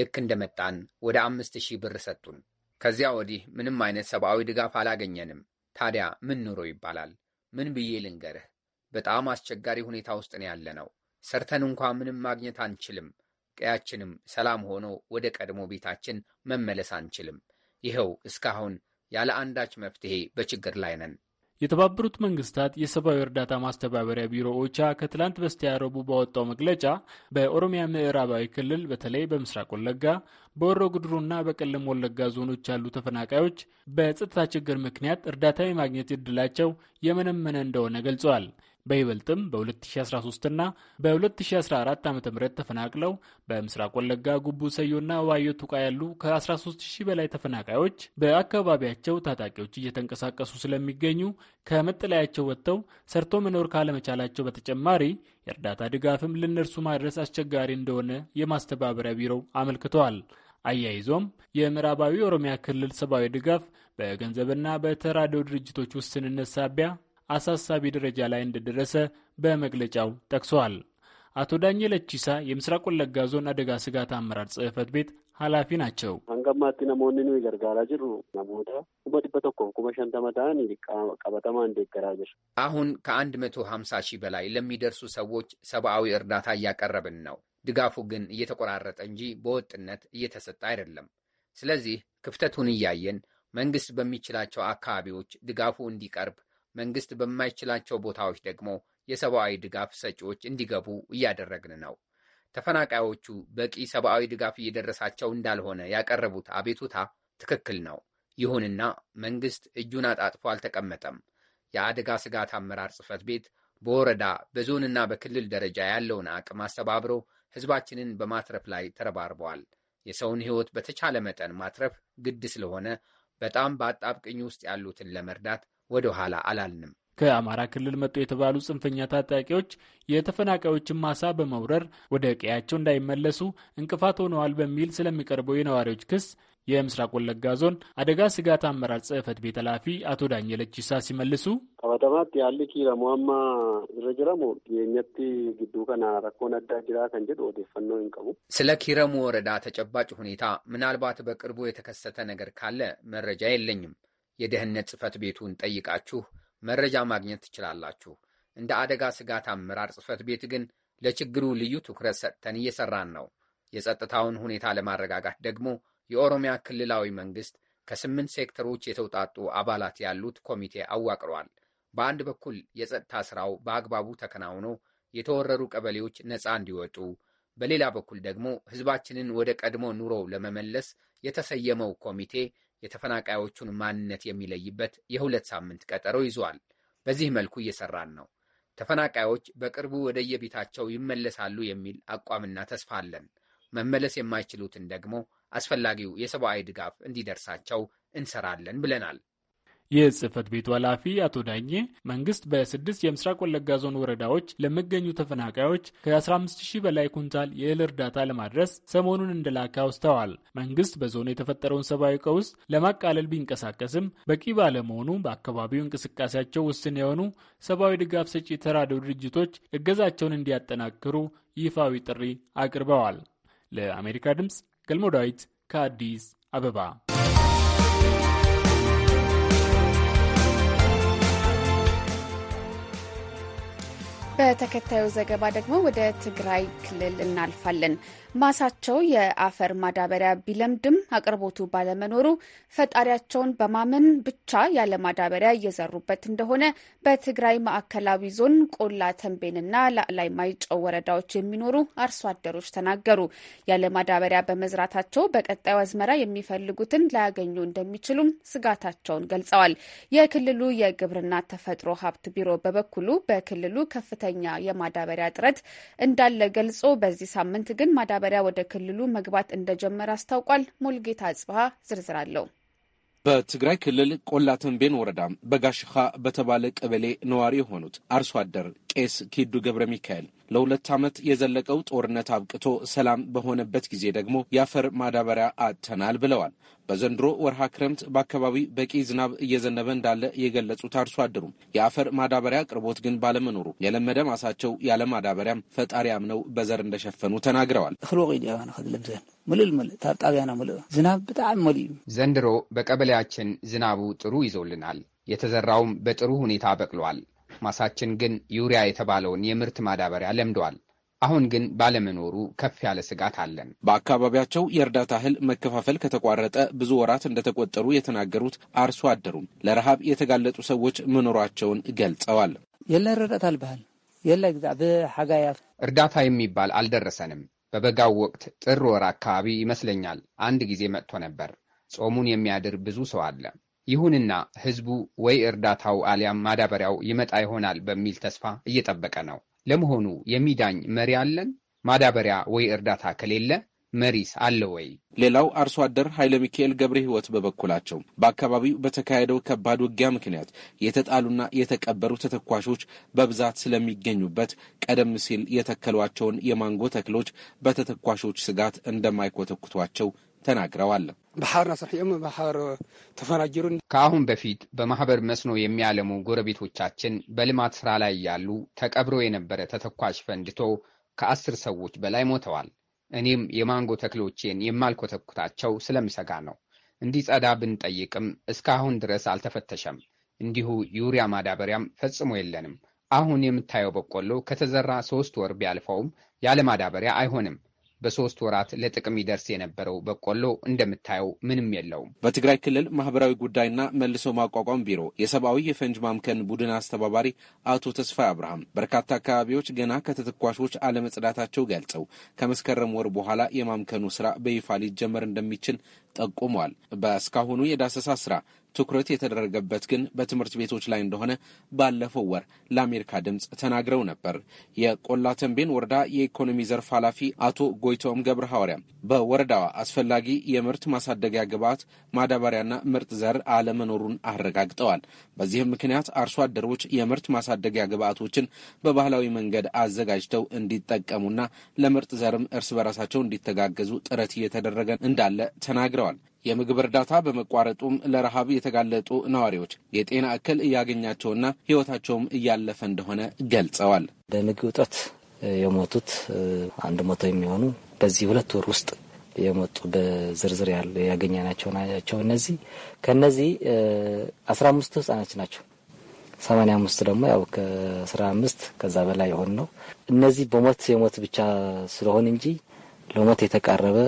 ልክ እንደመጣን ወደ አምስት ሺህ ብር ሰጡን። ከዚያ ወዲህ ምንም አይነት ሰብአዊ ድጋፍ አላገኘንም። ታዲያ ምን ኑሮ ይባላል? ምን ብዬ ልንገርህ? በጣም አስቸጋሪ ሁኔታ ውስጥ ነው ነው። ሰርተን እንኳ ምንም ማግኘት አንችልም። ቀያችንም ሰላም ሆኖ ወደ ቀድሞ ቤታችን መመለስ አንችልም። ይኸው እስካሁን ያለ አንዳች መፍትሄ በችግር ላይ ነን። የተባበሩት መንግስታት የሰብአዊ እርዳታ ማስተባበሪያ ቢሮ ኦቻ ከትላንት በስቲያ ረቡዕ ባወጣው መግለጫ በኦሮሚያ ምዕራባዊ ክልል በተለይ በምስራቅ ወለጋ፣ በወሮ ጉድሩና በቀለም ወለጋ ዞኖች ያሉ ተፈናቃዮች በጸጥታ ችግር ምክንያት እርዳታ የማግኘት እድላቸው የመነመነ እንደሆነ ገልጸዋል። በይበልጥም በ2013 ና በ2014 ዓ ም ተፈናቅለው በምስራቅ ወለጋ ጉቡ ሰዮና ዋዮ ቱቃ ያሉ ከ13000 በላይ ተፈናቃዮች በአካባቢያቸው ታጣቂዎች እየተንቀሳቀሱ ስለሚገኙ ከመጠለያቸው ወጥተው ሰርቶ መኖር ካለመቻላቸው በተጨማሪ የእርዳታ ድጋፍም ለእነርሱ ማድረስ አስቸጋሪ እንደሆነ የማስተባበሪያ ቢሮው አመልክተዋል። አያይዞም የምዕራባዊ ኦሮሚያ ክልል ሰብአዊ ድጋፍ በገንዘብና በተራድኦ ድርጅቶች ውስንነት ሳቢያ አሳሳቢ ደረጃ ላይ እንደደረሰ በመግለጫው ጠቅሰዋል። አቶ ዳንኤል ቺሳ የምስራቅ ወለጋ ዞን አደጋ ስጋት አመራር ጽህፈት ቤት ኃላፊ ናቸው። አንገማቲ ነሞኒ ኑ ገርጋራ ጅሩ ነሞዳ ኩመ ዲበ ኩመ ቀበጠማ አሁን ከአንድ መቶ ሀምሳ ሺህ በላይ ለሚደርሱ ሰዎች ሰብአዊ እርዳታ እያቀረብን ነው። ድጋፉ ግን እየተቆራረጠ እንጂ በወጥነት እየተሰጠ አይደለም። ስለዚህ ክፍተቱን እያየን መንግስት በሚችላቸው አካባቢዎች ድጋፉ እንዲቀርብ መንግስት በማይችላቸው ቦታዎች ደግሞ የሰብአዊ ድጋፍ ሰጪዎች እንዲገቡ እያደረግን ነው። ተፈናቃዮቹ በቂ ሰብአዊ ድጋፍ እየደረሳቸው እንዳልሆነ ያቀረቡት አቤቱታ ትክክል ነው። ይሁንና መንግስት እጁን አጣጥፎ አልተቀመጠም። የአደጋ ስጋት አመራር ጽህፈት ቤት በወረዳ በዞንና በክልል ደረጃ ያለውን አቅም አስተባብሮ ህዝባችንን በማትረፍ ላይ ተረባርበዋል። የሰውን ህይወት በተቻለ መጠን ማትረፍ ግድ ስለሆነ በጣም በአጣብቅኝ ውስጥ ያሉትን ለመርዳት ወደ ኋላ አላልንም። ከአማራ ክልል መጡ የተባሉ ጽንፈኛ ታጣቂዎች የተፈናቃዮችን ማሳ በመውረር ወደ ቀያቸው እንዳይመለሱ እንቅፋት ሆነዋል በሚል ስለሚቀርበው የነዋሪዎች ክስ የምስራቅ ወለጋ ዞን አደጋ ስጋት አመራር ጽህፈት ቤት ኃላፊ አቶ ዳንኤል ቺሳ ሲመልሱ ቀበጠማት ያሊ ለሟማ ረጅረሙ የእኛቲ ግዱ ከና ረኮን አዳ ጅራ ከንጅድ ወደፈኖ ይንቀቡ ስለ ኪረሙ ወረዳ ተጨባጭ ሁኔታ ምናልባት በቅርቡ የተከሰተ ነገር ካለ መረጃ የለኝም። የደህንነት ጽህፈት ቤቱን ጠይቃችሁ መረጃ ማግኘት ትችላላችሁ። እንደ አደጋ ስጋት አመራር ጽፈት ቤት ግን ለችግሩ ልዩ ትኩረት ሰጥተን እየሰራን ነው። የጸጥታውን ሁኔታ ለማረጋጋት ደግሞ የኦሮሚያ ክልላዊ መንግስት ከስምንት ሴክተሮች የተውጣጡ አባላት ያሉት ኮሚቴ አዋቅሯል። በአንድ በኩል የጸጥታ ሥራው በአግባቡ ተከናውኖ የተወረሩ ቀበሌዎች ነፃ እንዲወጡ፣ በሌላ በኩል ደግሞ ሕዝባችንን ወደ ቀድሞ ኑሮው ለመመለስ የተሰየመው ኮሚቴ የተፈናቃዮቹን ማንነት የሚለይበት የሁለት ሳምንት ቀጠሮ ይዟል። በዚህ መልኩ እየሰራን ነው። ተፈናቃዮች በቅርቡ ወደየቤታቸው ይመለሳሉ የሚል አቋምና ተስፋ አለን። መመለስ የማይችሉትን ደግሞ አስፈላጊው የሰብአዊ ድጋፍ እንዲደርሳቸው እንሰራለን ብለናል። የጽህፈት ቤቱ ኃላፊ አቶ ዳኜ መንግስት በስድስት የምስራቅ ወለጋ ዞን ወረዳዎች ለሚገኙ ተፈናቃዮች ከ15 ሺህ በላይ ኩንታል የእህል እርዳታ ለማድረስ ሰሞኑን እንደላከ አውስተዋል። መንግስት በዞኑ የተፈጠረውን ሰብአዊ ቀውስ ለማቃለል ቢንቀሳቀስም በቂ ባለመሆኑ በአካባቢው እንቅስቃሴያቸው ውስን የሆኑ ሰብአዊ ድጋፍ ሰጪ የተራድኦ ድርጅቶች እገዛቸውን እንዲያጠናክሩ ይፋዊ ጥሪ አቅርበዋል። ለአሜሪካ ድምፅ ገልሞ ዳዊት ከአዲስ አበባ በተከታዩ ዘገባ ደግሞ ወደ ትግራይ ክልል እናልፋለን። ማሳቸው የአፈር ማዳበሪያ ቢለምድም አቅርቦቱ ባለመኖሩ ፈጣሪያቸውን በማመን ብቻ ያለ ማዳበሪያ እየዘሩበት እንደሆነ በትግራይ ማዕከላዊ ዞን ቆላ ተንቤንና ላዕላይ ማይጨው ወረዳዎች የሚኖሩ አርሶ አደሮች ተናገሩ። ያለ ማዳበሪያ በመዝራታቸው በቀጣዩ አዝመራ የሚፈልጉትን ላያገኙ እንደሚችሉም ስጋታቸውን ገልጸዋል። የክልሉ የግብርና ተፈጥሮ ሀብት ቢሮ በበኩሉ በክልሉ ከፍተ ከፍተኛ የማዳበሪያ እጥረት እንዳለ ገልጾ በዚህ ሳምንት ግን ማዳበሪያ ወደ ክልሉ መግባት እንደጀመረ አስታውቋል። ሞልጌታ አጽብሃ ዝርዝር አለው። በትግራይ ክልል ቆላ ተንቤን ወረዳ በጋሽኻ በተባለ ቀበሌ ነዋሪ የሆኑት አርሶ አደር ቄስ ኪዱ ገብረ ሚካኤል ለሁለት ዓመት የዘለቀው ጦርነት አብቅቶ ሰላም በሆነበት ጊዜ ደግሞ የአፈር ማዳበሪያ አጥተናል ብለዋል። በዘንድሮ ወርሃ ክረምት በአካባቢ በቂ ዝናብ እየዘነበ እንዳለ የገለጹት አርሶ አደሩም የአፈር ማዳበሪያ አቅርቦት ግን ባለመኖሩ የለመደ ማሳቸው ያለ ማዳበሪያም ፈጣሪ አምነው በዘር እንደሸፈኑ ተናግረዋል። ዝናብ በጣም ዘንድሮ በቀበሌያችን ዝናቡ ጥሩ ይዞልናል። የተዘራውም በጥሩ ሁኔታ በቅሏል። ማሳችን ግን ዩሪያ የተባለውን የምርት ማዳበሪያ ለምደዋል። አሁን ግን ባለመኖሩ ከፍ ያለ ስጋት አለን። በአካባቢያቸው የእርዳታ እህል መከፋፈል ከተቋረጠ ብዙ ወራት እንደተቆጠሩ የተናገሩት አርሶ አደሩም ለረሃብ የተጋለጡ ሰዎች መኖሯቸውን ገልጸዋል። የለ ረዳት አልባህል የለ ግዛ ብሓጋያት እርዳታ የሚባል አልደረሰንም። በበጋው ወቅት ጥር ወር አካባቢ ይመስለኛል አንድ ጊዜ መጥቶ ነበር። ጾሙን የሚያድር ብዙ ሰው አለ። ይሁንና ህዝቡ ወይ እርዳታው አሊያም ማዳበሪያው ይመጣ ይሆናል በሚል ተስፋ እየጠበቀ ነው። ለመሆኑ የሚዳኝ መሪ አለን? ማዳበሪያ ወይ እርዳታ ከሌለ መሪስ አለ ወይ? ሌላው አርሶ አደር ኃይለ ሚካኤል ገብረ ህይወት በበኩላቸው በአካባቢው በተካሄደው ከባድ ውጊያ ምክንያት የተጣሉና የተቀበሩ ተተኳሾች በብዛት ስለሚገኙበት ቀደም ሲል የተከሏቸውን የማንጎ ተክሎች በተተኳሾች ስጋት እንደማይኮተኩቷቸው ተናግረዋል። ከአሁን በፊት በማህበር መስኖ የሚያለሙ ጎረቤቶቻችን በልማት ስራ ላይ ያሉ ተቀብሮ የነበረ ተተኳሽ ፈንድቶ ከአስር ሰዎች በላይ ሞተዋል። እኔም የማንጎ ተክሎቼን የማልኮተኩታቸው ስለምሰጋ ነው። እንዲጸዳ ብንጠይቅም እስካሁን ድረስ አልተፈተሸም። እንዲሁ ዩሪያ ማዳበሪያም ፈጽሞ የለንም። አሁን የምታየው በቆሎ ከተዘራ ሶስት ወር ቢያልፈውም ያለ ማዳበሪያ አይሆንም። በሶስት ወራት ለጥቅም ይደርስ የነበረው በቆሎ እንደምታየው ምንም የለውም። በትግራይ ክልል ማህበራዊ ጉዳይና መልሶ ማቋቋም ቢሮ የሰብአዊ የፈንጅ ማምከን ቡድን አስተባባሪ አቶ ተስፋ አብርሃም በርካታ አካባቢዎች ገና ከተተኳሾች አለመጽዳታቸው ገልጸው ከመስከረም ወር በኋላ የማምከኑ ስራ በይፋ ሊጀመር እንደሚችል ጠቁመዋል። በእስካሁኑ የዳሰሳ ስራ ትኩረት የተደረገበት ግን በትምህርት ቤቶች ላይ እንደሆነ ባለፈው ወር ለአሜሪካ ድምፅ ተናግረው ነበር። የቆላ ተንቤን ወረዳ የኢኮኖሚ ዘርፍ ኃላፊ አቶ ጎይቶም ገብረ ሐዋርያም በወረዳዋ አስፈላጊ የምርት ማሳደጊያ ግብዓት፣ ማዳበሪያና ምርጥ ዘር አለመኖሩን አረጋግጠዋል። በዚህም ምክንያት አርሶ አደሮች የምርት ማሳደጊያ ግብዓቶችን በባህላዊ መንገድ አዘጋጅተው እንዲጠቀሙና ለምርጥ ዘርም እርስ በራሳቸው እንዲተጋገዙ ጥረት እየተደረገ እንዳለ ተናግረዋል። የምግብ እርዳታ በመቋረጡም ለረሃብ የተጋለጡ ነዋሪዎች የጤና እክል እያገኛቸውና ህይወታቸውም እያለፈ እንደሆነ ገልጸዋል። በምግብ እጦት የሞቱት አንድ መቶ የሚሆኑ በዚህ ሁለት ወር ውስጥ የመጡ በዝርዝር ያገኘ ናቸው። እነዚህ ከነዚህ አስራ አምስቱ ህጻናት ናቸው። ሰማንያ አምስቱ ደግሞ ያው ከአስራ አምስት ከዛ በላይ የሆን ነው። እነዚህ በሞት የሞት ብቻ ስለሆን እንጂ ለሞት የተቃረበ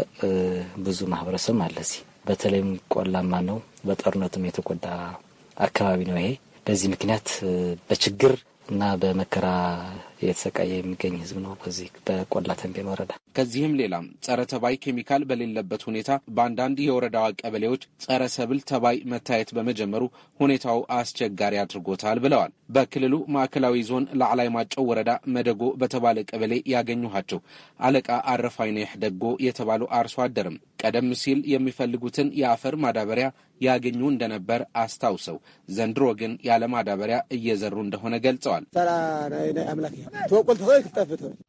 ብዙ ማህበረሰብ አለ እዚህ በተለይም ቆላማ ነው። በጦርነቱም የተጎዳ አካባቢ ነው። ይሄ በዚህ ምክንያት በችግር እና በመከራ የተሰቃየ የሚገኝ ህዝብ ነው። በዚህ በቆላ ተንቤን ወረዳ ከዚህም ሌላም ጸረ ተባይ ኬሚካል በሌለበት ሁኔታ በአንዳንድ የወረዳዋ ቀበሌዎች ጸረ ሰብል ተባይ መታየት በመጀመሩ ሁኔታው አስቸጋሪ አድርጎታል ብለዋል። በክልሉ ማዕከላዊ ዞን ላዕላይ ማጨው ወረዳ መደጎ በተባለ ቀበሌ ያገኘኋቸው አለቃ አረፋይነህ ደጎ የተባሉ አርሶ አደርም ቀደም ሲል የሚፈልጉትን የአፈር ማዳበሪያ ያገኙ እንደነበር አስታውሰው ዘንድሮ ግን ያለ ማዳበሪያ እየዘሩ እንደሆነ ገልጸዋል።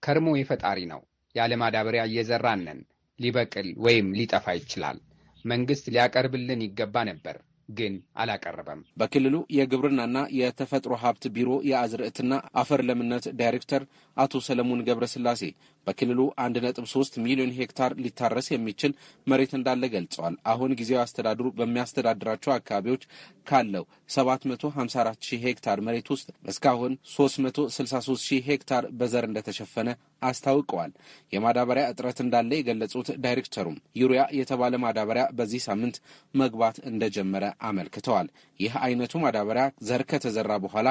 ከርሞ የፈጣሪ ነው። ያለ ማዳበሪያ እየዘራን ሊበቅል ወይም ሊጠፋ ይችላል። መንግስት ሊያቀርብልን ይገባ ነበር ግን አላቀረበም። በክልሉ የግብርናና የተፈጥሮ ሀብት ቢሮ የአዝርዕትና አፈር ለምነት ዳይሬክተር አቶ ሰለሞን ገብረስላሴ በክልሉ 1.3 ሚሊዮን ሄክታር ሊታረስ የሚችል መሬት እንዳለ ገልጸዋል። አሁን ጊዜያዊ አስተዳድሩ በሚያስተዳድራቸው አካባቢዎች ካለው 754 ሄክታር መሬት ውስጥ እስካሁን 363 ሄክታር በዘር እንደተሸፈነ አስታውቀዋል። የማዳበሪያ እጥረት እንዳለ የገለጹት ዳይሬክተሩም ዩሪያ የተባለ ማዳበሪያ በዚህ ሳምንት መግባት እንደጀመረ አመልክተዋል። ይህ አይነቱ ማዳበሪያ ዘር ከተዘራ በኋላ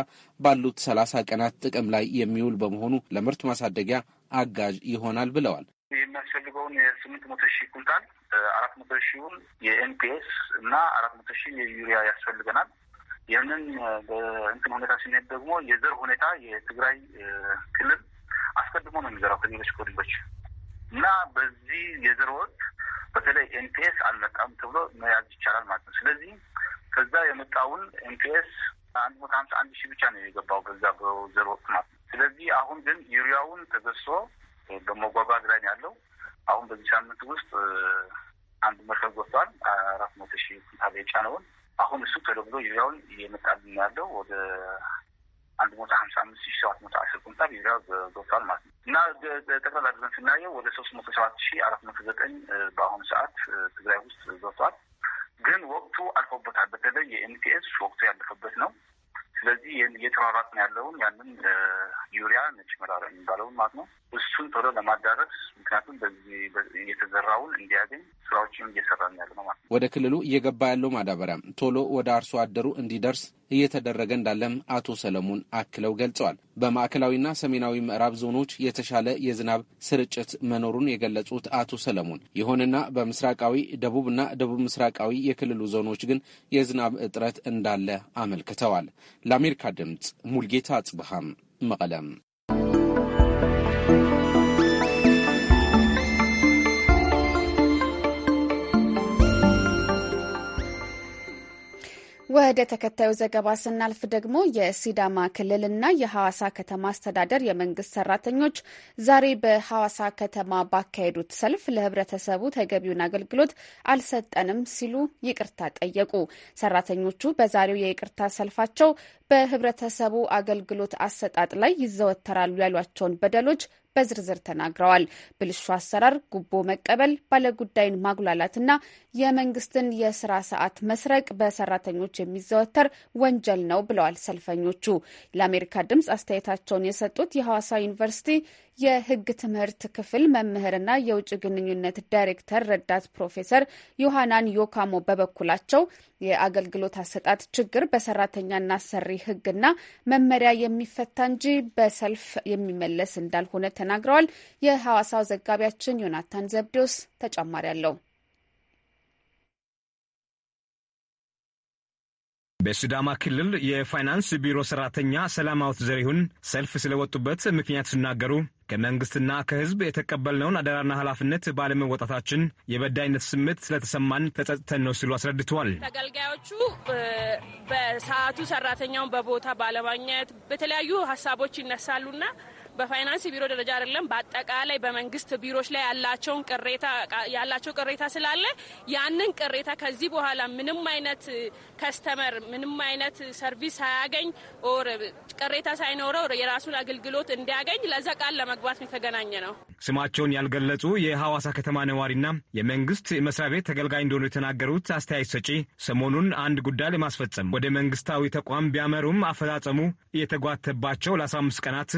ባሉት 30 ቀናት ጥቅም ላይ የሚውል በመሆኑ ለምርት ማሳደጊያ አጋዥ ይሆናል ብለዋል። የሚያስፈልገውን የስምንት መቶ ሺህ ኩንታል አራት መቶ ሺውን የኤንፒኤስ እና አራት መቶ ሺህ የዩሪያ ያስፈልገናል። ይህንን በእንትን ሁኔታ ስንሄድ ደግሞ የዘር ሁኔታ የትግራይ ክልል አስቀድሞ ነው የሚዘራው ከሌሎች ክልሎች እና በዚህ የዘር ወቅት በተለይ ኤንፒኤስ አልመጣም ተብሎ መያዝ ይቻላል ማለት ነው። ስለዚህ ከዛ የመጣውን ኤንፒኤስ አንድ መቶ ሀምሳ አንድ ሺህ ብቻ ነው የገባው በዛ በዘር ወቅት ማለት ነው። ስለዚህ አሁን ግን ዩሪያውን ተገዝቶ በመጓጓዝ ላይ ያለው አሁን በዚህ ሳምንት ውስጥ አንድ መርከብ ጎቷል አራት መቶ ሺህ ኩንታል የጫነውን አሁን እሱ ተደብሎ ዩሪያውን እየመጣልን ያለው ወደ አንድ መቶ ሀምሳ አምስት ሺ ሰባት መቶ አስር ኩንታል ዩሪያ ገብቷል ማለት ነው እና ጠቅላላ አድርገን ስናየው ወደ ሶስት መቶ ሰባት ሺ አራት መቶ ዘጠኝ በአሁኑ ሰዓት ትግራይ ውስጥ ገብቷል። ግን ወቅቱ አልፎበታል። በተለይ የኤምቲኤስ ወቅቱ ያለፈበት ነው። ስለዚህ እየተራራቅ ነው ያለውን ያንን ዩሪያ ነጭ መራር የሚባለውን ማለት ነው እሱን ቶሎ ለማዳረስ ምክንያቱም በዚህ የተዘራውን እንዲያገኝ ስራዎችን እየሰራ ያለ ነው ማለት ነው። ወደ ክልሉ እየገባ ያለው ማዳበሪያ ቶሎ ወደ አርሶ አደሩ እንዲደርስ እየተደረገ እንዳለም አቶ ሰለሞን አክለው ገልጸዋል። በማዕከላዊና ሰሜናዊ ምዕራብ ዞኖች የተሻለ የዝናብ ስርጭት መኖሩን የገለጹት አቶ ሰለሞን፣ ይሁንና በምስራቃዊ ደቡብና ደቡብ ምስራቃዊ የክልሉ ዞኖች ግን የዝናብ እጥረት እንዳለ አመልክተዋል። ለአሜሪካ ድምፅ ሙልጌታ አጽብሃም መቀለም ወደ ተከታዩ ዘገባ ስናልፍ ደግሞ የሲዳማ ክልልና የሐዋሳ ከተማ አስተዳደር የመንግስት ሰራተኞች ዛሬ በሐዋሳ ከተማ ባካሄዱት ሰልፍ ለህብረተሰቡ ተገቢውን አገልግሎት አልሰጠንም ሲሉ ይቅርታ ጠየቁ። ሰራተኞቹ በዛሬው የይቅርታ ሰልፋቸው በህብረተሰቡ አገልግሎት አሰጣጥ ላይ ይዘወተራሉ ያሏቸውን በደሎች በዝርዝር ተናግረዋል። ብልሹ አሰራር፣ ጉቦ መቀበል፣ ባለጉዳይን ማጉላላትና የመንግስትን የስራ ሰዓት መስረቅ በሰራተኞች የሚዘወተር ወንጀል ነው ብለዋል ሰልፈኞቹ። ለአሜሪካ ድምፅ አስተያየታቸውን የሰጡት የሐዋሳ ዩኒቨርሲቲ የህግ ትምህርት ክፍል መምህርና የውጭ ግንኙነት ዳይሬክተር ረዳት ፕሮፌሰር ዮሐናን ዮካሞ በበኩላቸው የአገልግሎት አሰጣጥ ችግር በሰራተኛና ሰሪ ህግና መመሪያ የሚፈታ እንጂ በሰልፍ የሚመለስ እንዳልሆነ ተናግረዋል። የሐዋሳው ዘጋቢያችን ዮናታን ዘብዴዎስ ተጨማሪ አለው። በሲዳማ ክልል የፋይናንስ ቢሮ ሰራተኛ ሰላማዊት ዘሪሁን ሰልፍ ስለወጡበት ምክንያት ሲናገሩ ከመንግስትና ከህዝብ የተቀበልነውን አደራና ኃላፊነት ባለመወጣታችን የበዳይነት ስሜት ስለተሰማን ተጸጽተን ነው ሲሉ አስረድተዋል። ተገልጋዮቹ በሰዓቱ ሰራተኛውን በቦታ ባለማግኘት በተለያዩ ሀሳቦች ይነሳሉና በፋይናንስ ቢሮ ደረጃ አይደለም፣ በአጠቃላይ በመንግስት ቢሮዎች ላይ ያላቸውን ቅሬታ ያላቸው ቅሬታ ስላለ ያንን ቅሬታ ከዚህ በኋላ ምንም አይነት ከስተመር ምንም አይነት ሰርቪስ ሳያገኝ ኦር ቅሬታ ሳይኖረው የራሱን አገልግሎት እንዲያገኝ ለዛ ቃል ለመግባት የተገናኘ ነው። ስማቸውን ያልገለጹ የሐዋሳ ከተማ ነዋሪና የመንግስት መስሪያ ቤት ተገልጋይ እንደሆኑ የተናገሩት አስተያየት ሰጪ ሰሞኑን አንድ ጉዳይ ለማስፈጸም ወደ መንግስታዊ ተቋም ቢያመሩም አፈጻጸሙ እየተጓተባቸው ለ15 ቀናት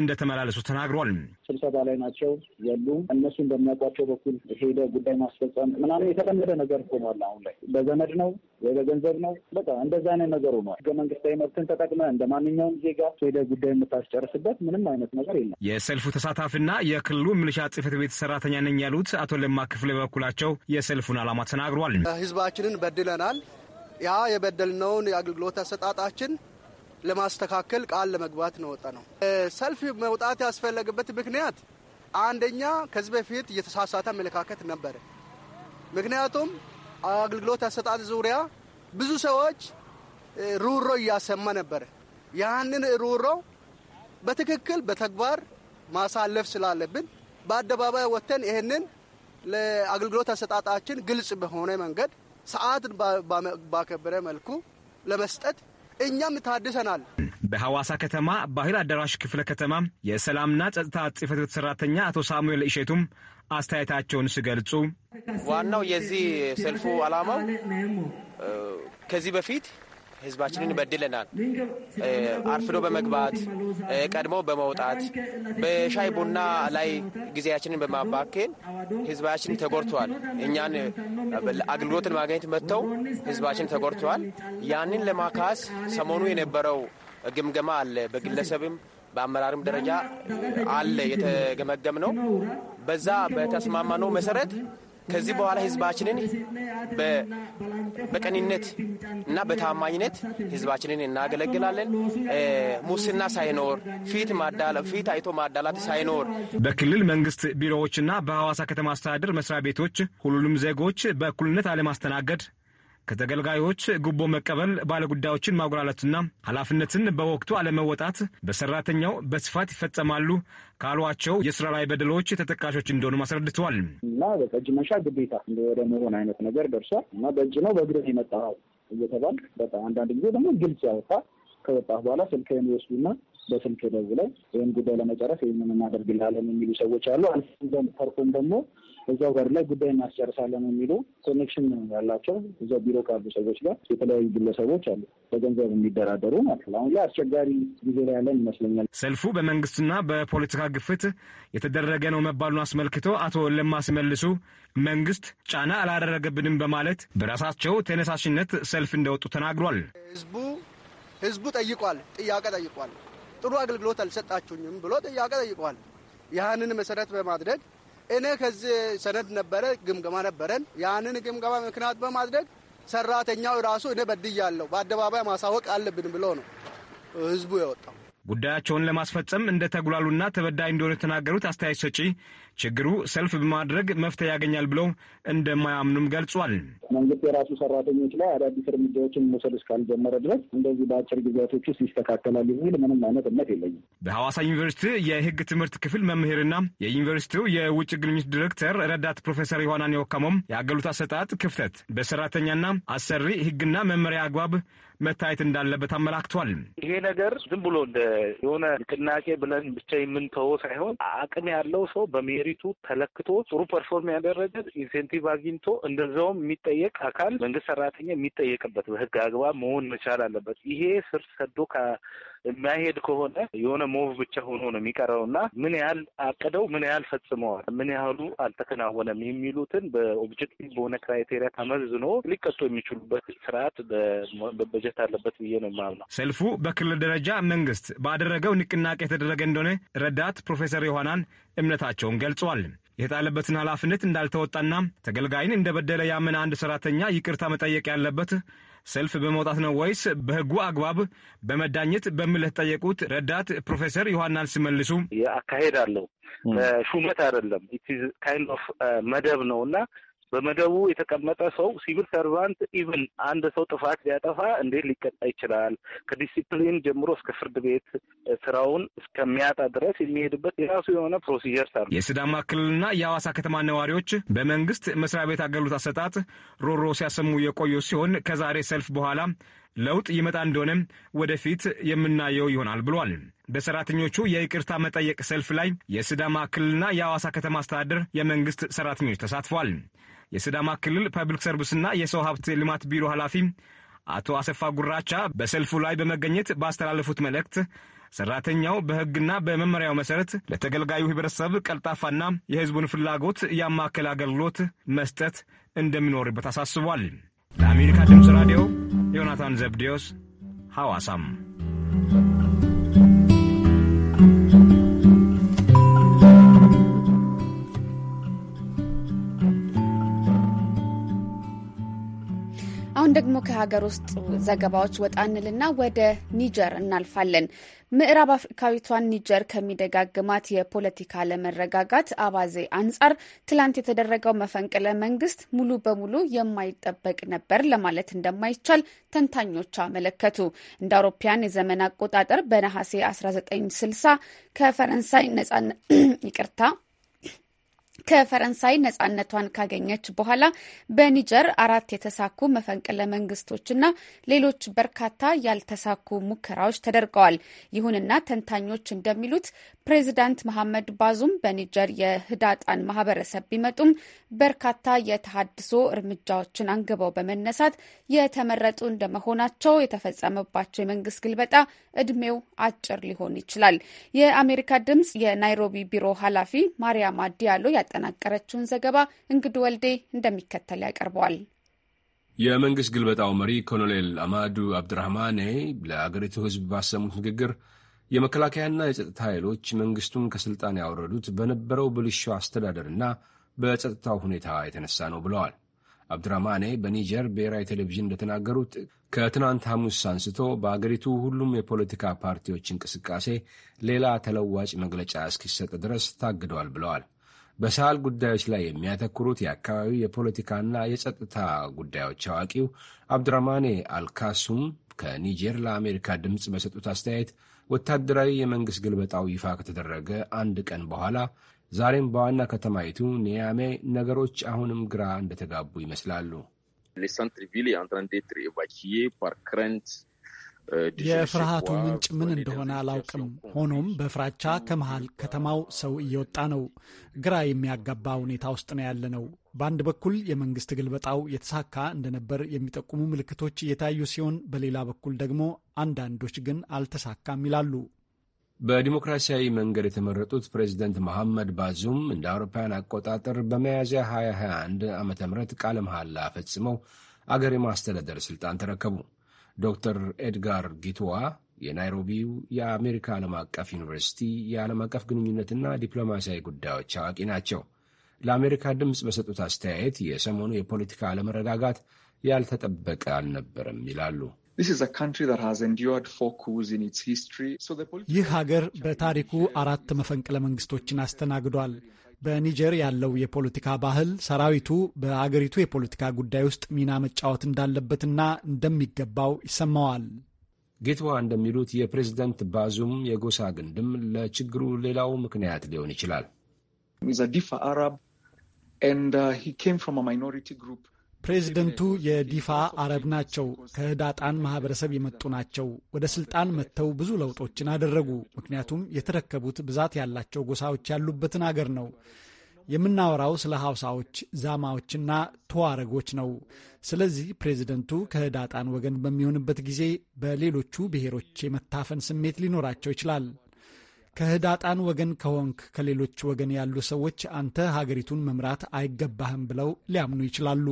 እንደ እንደተመላለሱ ተናግሯል። ስብሰባ ላይ ናቸው የሉም እነሱን በሚያውቋቸው በኩል ሄደ ጉዳይ ማስፈጸም ምናምን የተለመደ ነገር ሆኗል። አሁን ላይ በዘመድ ነው ወይ በገንዘብ ነው በቃ እንደዛ አይነት ነገር ሆኗል። ህገ መንግስታዊ መብትን ተጠቅመ እንደ ማንኛውም ዜጋ ሄደ ጉዳይ የምታስጨርስበት ምንም አይነት ነገር የለም። የሰልፉ ተሳታፊና የክልሉ ምልሻ ጽህፈት ቤት ሰራተኛ ነኝ ያሉት አቶ ለማ ክፍለ በበኩላቸው የሰልፉን ዓላማ ተናግሯል። ህዝባችንን በድለናል። ያ የበደልነውን የአገልግሎት አሰጣጣችን ለማስተካከል ቃል ለመግባት ነው ወጣ ነው። ሰልፍ መውጣት ያስፈለገበት ምክንያት አንደኛ ከዚህ በፊት የተሳሳተ አመለካከት ነበረ። ምክንያቱም አገልግሎት አሰጣጥ ዙሪያ ብዙ ሰዎች ሩሮ እያሰማ ነበረ። ያንን ሩሮ በትክክል በተግባር ማሳለፍ ስላለብን በአደባባይ ወጥተን ይህንን ለአገልግሎት አሰጣጣችን ግልጽ በሆነ መንገድ ሰዓት ባከበረ መልኩ ለመስጠት እኛም ታድሰናል። በሐዋሳ ከተማ ባህል አዳራሽ ክፍለ ከተማ የሰላምና ጸጥታ ጽሕፈት ቤት ሰራተኛ አቶ ሳሙኤል እሸቱም አስተያየታቸውን ሲገልጹ ዋናው የዚህ ሰልፉ ዓላማው ከዚህ በፊት ህዝባችንን በድለናል። አርፍዶ በመግባት ቀድሞ በመውጣት በሻይ ቡና ላይ ጊዜያችንን በማባከን ህዝባችን ተጎድተዋል። እኛን አገልግሎትን ማግኘት መጥተው ህዝባችን ተጎድተዋል። ያንን ለማካስ ሰሞኑ የነበረው ግምገማ አለ በግለሰብም በአመራርም ደረጃ አለ የተገመገም ነው። በዛ በተስማማነው መሰረት ከዚህ በኋላ ህዝባችንን በቀንነት እና በታማኝነት ህዝባችንን እናገለግላለን። ሙስና ሳይኖር ፊት ፊት አይቶ ማዳላት ሳይኖር በክልል መንግስት ቢሮዎችና በሐዋሳ ከተማ አስተዳደር መስሪያ ቤቶች ሁሉንም ዜጎች በእኩልነት አለማስተናገድ ከተገልጋዮች ጉቦ መቀበል፣ ባለጉዳዮችን ማጉላላትና ኃላፊነትን በወቅቱ አለመወጣት በሰራተኛው በስፋት ይፈጸማሉ ካሏቸው የስራ ላይ በደሎች ተጠቃሾች እንደሆኑም አስረድተዋል። እና በቃ እጅ መንሻ ግዴታ ወደ መሆን አይነት ነገር ደርሷል እና በእጅ ነው በእግርህ የመጣኸው እየተባል በቃ አንዳንድ ጊዜ ደግሞ ግልጽ ያወጣ ከወጣ በኋላ ስልክህን ይወስዱና በስልክ ደውለው ይህን ጉዳይ ለመጨረስ ይህንን እናደርግልሃለን የሚሉ ሰዎች አሉ። አልፎም ተርፎም ደግሞ እዛው ጋር ላይ ጉዳይ እናስጨርሳለን የሚሉ ኮኔክሽን ያላቸው እዛው ቢሮ ካሉ ሰዎች ጋር የተለያዩ ግለሰቦች አሉ፣ በገንዘብ የሚደራደሩ ማለት ነው። አሁን ላይ አስቸጋሪ ጊዜ ላይ ያለን ይመስለኛል። ሰልፉ በመንግስትና በፖለቲካ ግፍት የተደረገ ነው መባሉን አስመልክቶ አቶ ለማ ሲመልሱ መንግስት ጫና አላደረገብንም በማለት በራሳቸው ተነሳሽነት ሰልፍ እንደወጡ ተናግሯል። ህዝቡ ህዝቡ ጠይቋል፣ ጥያቄ ጠይቋል። ጥሩ አገልግሎት አልሰጣችሁኝም ብሎ ጥያቄ ጠይቀዋል። ያህንን መሰረት በማድረግ እኔ ከዚህ ሰነድ ነበረ፣ ግምገማ ነበረን። ያንን ግምገማ ምክንያት በማድረግ ሰራተኛው ራሱ እኔ በድያለሁ በአደባባይ ማሳወቅ አለብን ብሎ ነው ህዝቡ የወጣው። ጉዳያቸውን ለማስፈጸም እንደ ተጉላሉና ተበዳይ እንደሆኑ የተናገሩት አስተያየት ሰጪ ችግሩ ሰልፍ በማድረግ መፍትሄ ያገኛል ብለው እንደማያምኑም ገልጿል። መንግስት የራሱ ሰራተኞች ላይ አዳዲስ እርምጃዎችን መውሰድ እስካልጀመረ ድረስ እንደዚህ በአጭር ጊዜያቶች ውስጥ ይስተካከላል የሚል ምንም አይነት እምነት የለኝም። በሐዋሳ ዩኒቨርሲቲ የህግ ትምህርት ክፍል መምህርና የዩኒቨርሲቲው የውጭ ግንኙነት ዲሬክተር ረዳት ፕሮፌሰር ዮሐናን የወካሞም የአገልግሎት አሰጣጥ ክፍተት በሰራተኛና አሰሪ ህግና መመሪያ አግባብ መታየት እንዳለበት አመላክቷል። ይሄ ነገር ዝም ብሎ እንደ የሆነ ንቅናቄ ብለን ብቻ የምንተወ ሳይሆን አቅም ያለው ሰው በሜሪቱ ተለክቶ ጥሩ ፐርፎርም ያደረገ ኢንሴንቲቭ አግኝቶ እንደዛውም የሚጠየቅ አካል መንግስት ሰራተኛ የሚጠየቅበት በህግ አግባብ መሆን መቻል አለበት። ይሄ ስር ሰዶ የማይሄድ ከሆነ የሆነ ሞቭ ብቻ ሆኖ ነው የሚቀረው እና ምን ያህል አቅደው ምን ያህል ፈጽመዋል፣ ምን ያህሉ አልተከናወነም የሚሉትን በኦብጀክቲቭ በሆነ ክራይቴሪያ ተመዝኖ ሊቀጡ የሚችሉበት ስርዓት በበጀት አለበት ብዬ ነው የማምነው። ሰልፉ በክልል ደረጃ መንግስት ባደረገው ንቅናቄ የተደረገ እንደሆነ ረዳት ፕሮፌሰር ዮሐናን እምነታቸውን ገልጿል። የተጣለበትን ኃላፊነት እንዳልተወጣና ተገልጋይን እንደበደለ ያመነ አንድ ሰራተኛ ይቅርታ መጠየቅ ያለበት ሰልፍ በመውጣት ነው ወይስ በህጉ አግባብ በመዳኘት በሚል ጠየቁት ረዳት ፕሮፌሰር ዮሐናን ሲመልሱ አካሄድ አለው ሹመት አይደለም ኢት ኢዝ ካይንድ ኦፍ መደብ ነው እና በመደቡ የተቀመጠ ሰው ሲቪል ሰርቫንት ኢቭን አንድ ሰው ጥፋት ሊያጠፋ እንዴት ሊቀጣ ይችላል? ከዲሲፕሊን ጀምሮ እስከ ፍርድ ቤት ስራውን እስከሚያጣ ድረስ የሚሄድበት የራሱ የሆነ ፕሮሲጀር ሳሉ የስዳማ ክልልና የሐዋሳ ከተማ ነዋሪዎች በመንግስት መስሪያ ቤት አገልግሎት አሰጣጥ ሮሮ ሲያሰሙ የቆዩ ሲሆን ከዛሬ ሰልፍ በኋላ ለውጥ ይመጣ እንደሆነ ወደፊት የምናየው ይሆናል ብሏል። በሰራተኞቹ የይቅርታ መጠየቅ ሰልፍ ላይ የስዳማ ክልልና የሐዋሳ ከተማ አስተዳደር የመንግስት ሰራተኞች ተሳትፏል። የስዳማ ክልል ፐብሊክ ሰርቪስና የሰው ሀብት ልማት ቢሮ ኃላፊ አቶ አሰፋ ጉራቻ በሰልፉ ላይ በመገኘት ባስተላለፉት መልእክት ሰራተኛው በሕግና በመመሪያው መሰረት ለተገልጋዩ ህብረተሰብ ቀልጣፋና የህዝቡን ፍላጎት ያማከለ አገልግሎት መስጠት እንደሚኖርበት አሳስቧል። ለአሜሪካ ድምፅ ራዲዮ ዮናታን ዘብዴዎስ ሐዋሳም አሁን ደግሞ ከሀገር ውስጥ ዘገባዎች ወጣ እንልና ወደ ኒጀር እናልፋለን። ምዕራብ አፍሪካዊቷን ኒጀር ከሚደጋግማት የፖለቲካ አለመረጋጋት አባዜ አንጻር ትላንት የተደረገው መፈንቅለ መንግስት ሙሉ በሙሉ የማይጠበቅ ነበር ለማለት እንደማይቻል ተንታኞች አመለከቱ። እንደ አውሮፓያን የዘመን አቆጣጠር በነሐሴ 1960 ከፈረንሳይ ነጻነት ይቅርታ ከፈረንሳይ ነጻነቷን ካገኘች በኋላ በኒጀር አራት የተሳኩ መፈንቅለ መንግስቶችና ሌሎች በርካታ ያልተሳኩ ሙከራዎች ተደርገዋል። ይሁንና ተንታኞች እንደሚሉት ፕሬዚዳንት መሐመድ ባዙም በኒጀር የህዳጣን ማህበረሰብ ቢመጡም በርካታ የተሃድሶ እርምጃዎችን አንግበው በመነሳት የተመረጡ እንደመሆናቸው የተፈጸመባቸው የመንግስት ግልበጣ እድሜው አጭር ሊሆን ይችላል። የአሜሪካ ድምጽ የናይሮቢ ቢሮ ኃላፊ ማሪያማ ዲያሎ ያጠናቀረችውን ዘገባ እንግድ ወልዴ እንደሚከተል ያቀርበዋል። የመንግስት ግልበጣው መሪ ኮሎኔል አማዱ አብድራህማኔ ለአገሪቱ ሕዝብ ባሰሙት ንግግር የመከላከያና የጸጥታ ኃይሎች መንግስቱን ከስልጣን ያወረዱት በነበረው ብልሹ አስተዳደርና በጸጥታው ሁኔታ የተነሳ ነው ብለዋል። አብድራማኔ በኒጀር ብሔራዊ ቴሌቪዥን እንደተናገሩት ከትናንት ሐሙስ አንስቶ በአገሪቱ ሁሉም የፖለቲካ ፓርቲዎች እንቅስቃሴ ሌላ ተለዋጭ መግለጫ እስኪሰጥ ድረስ ታግደዋል ብለዋል። በሳህል ጉዳዮች ላይ የሚያተኩሩት የአካባቢው የፖለቲካና የጸጥታ ጉዳዮች አዋቂው አብድራማኔ አልካሱም ከኒጀር ለአሜሪካ ድምፅ በሰጡት አስተያየት ወታደራዊ የመንግሥት ግልበጣው ይፋ ከተደረገ አንድ ቀን በኋላ ዛሬም በዋና ከተማይቱ ኒያሜ ነገሮች አሁንም ግራ እንደተጋቡ ይመስላሉ። የፍርሃቱ ምንጭ ምን እንደሆነ አላውቅም። ሆኖም በፍራቻ ከመሃል ከተማው ሰው እየወጣ ነው። ግራ የሚያጋባ ሁኔታ ውስጥ ነው ያለ ነው። በአንድ በኩል የመንግስት ግልበጣው የተሳካ እንደነበር የሚጠቁሙ ምልክቶች እየታዩ ሲሆን፣ በሌላ በኩል ደግሞ አንዳንዶች ግን አልተሳካም ይላሉ። በዲሞክራሲያዊ መንገድ የተመረጡት ፕሬዚደንት መሐመድ ባዙም እንደ አውሮፓውያን አቆጣጠር በሚያዝያ 2021 ዓ ም ቃለ መሐላ ፈጽመው አገር የማስተዳደር ስልጣን ተረከቡ። ዶክተር ኤድጋር ጊትዋ የናይሮቢው የአሜሪካ ዓለም አቀፍ ዩኒቨርሲቲ የዓለም አቀፍ ግንኙነትና ዲፕሎማሲያዊ ጉዳዮች አዋቂ ናቸው። ለአሜሪካ ድምፅ በሰጡት አስተያየት የሰሞኑ የፖለቲካ አለመረጋጋት ያልተጠበቀ አልነበረም ይላሉ። ይህ ሀገር በታሪኩ አራት መፈንቅለ መንግስቶችን አስተናግዷል። በኒጀር ያለው የፖለቲካ ባህል ሰራዊቱ በአገሪቱ የፖለቲካ ጉዳይ ውስጥ ሚና መጫወት እንዳለበትና እንደሚገባው ይሰማዋል። ጌትዋ እንደሚሉት የፕሬዝደንት ባዙም የጎሳ ግንድም ለችግሩ ሌላው ምክንያት ሊሆን ይችላል። ፕሬዚደንቱ የዲፋ አረብ ናቸው። ከህዳጣን ማህበረሰብ የመጡ ናቸው። ወደ ስልጣን መጥተው ብዙ ለውጦችን አደረጉ። ምክንያቱም የተረከቡት ብዛት ያላቸው ጎሳዎች ያሉበትን አገር ነው። የምናወራው ስለ ሐውሳዎች፣ ዛማዎችና ተዋረጎች ነው። ስለዚህ ፕሬዚደንቱ ከህዳጣን ወገን በሚሆንበት ጊዜ በሌሎቹ ብሔሮች የመታፈን ስሜት ሊኖራቸው ይችላል። ከህዳጣን ወገን ከሆንክ ከሌሎች ወገን ያሉ ሰዎች አንተ ሀገሪቱን መምራት አይገባህም ብለው ሊያምኑ ይችላሉ።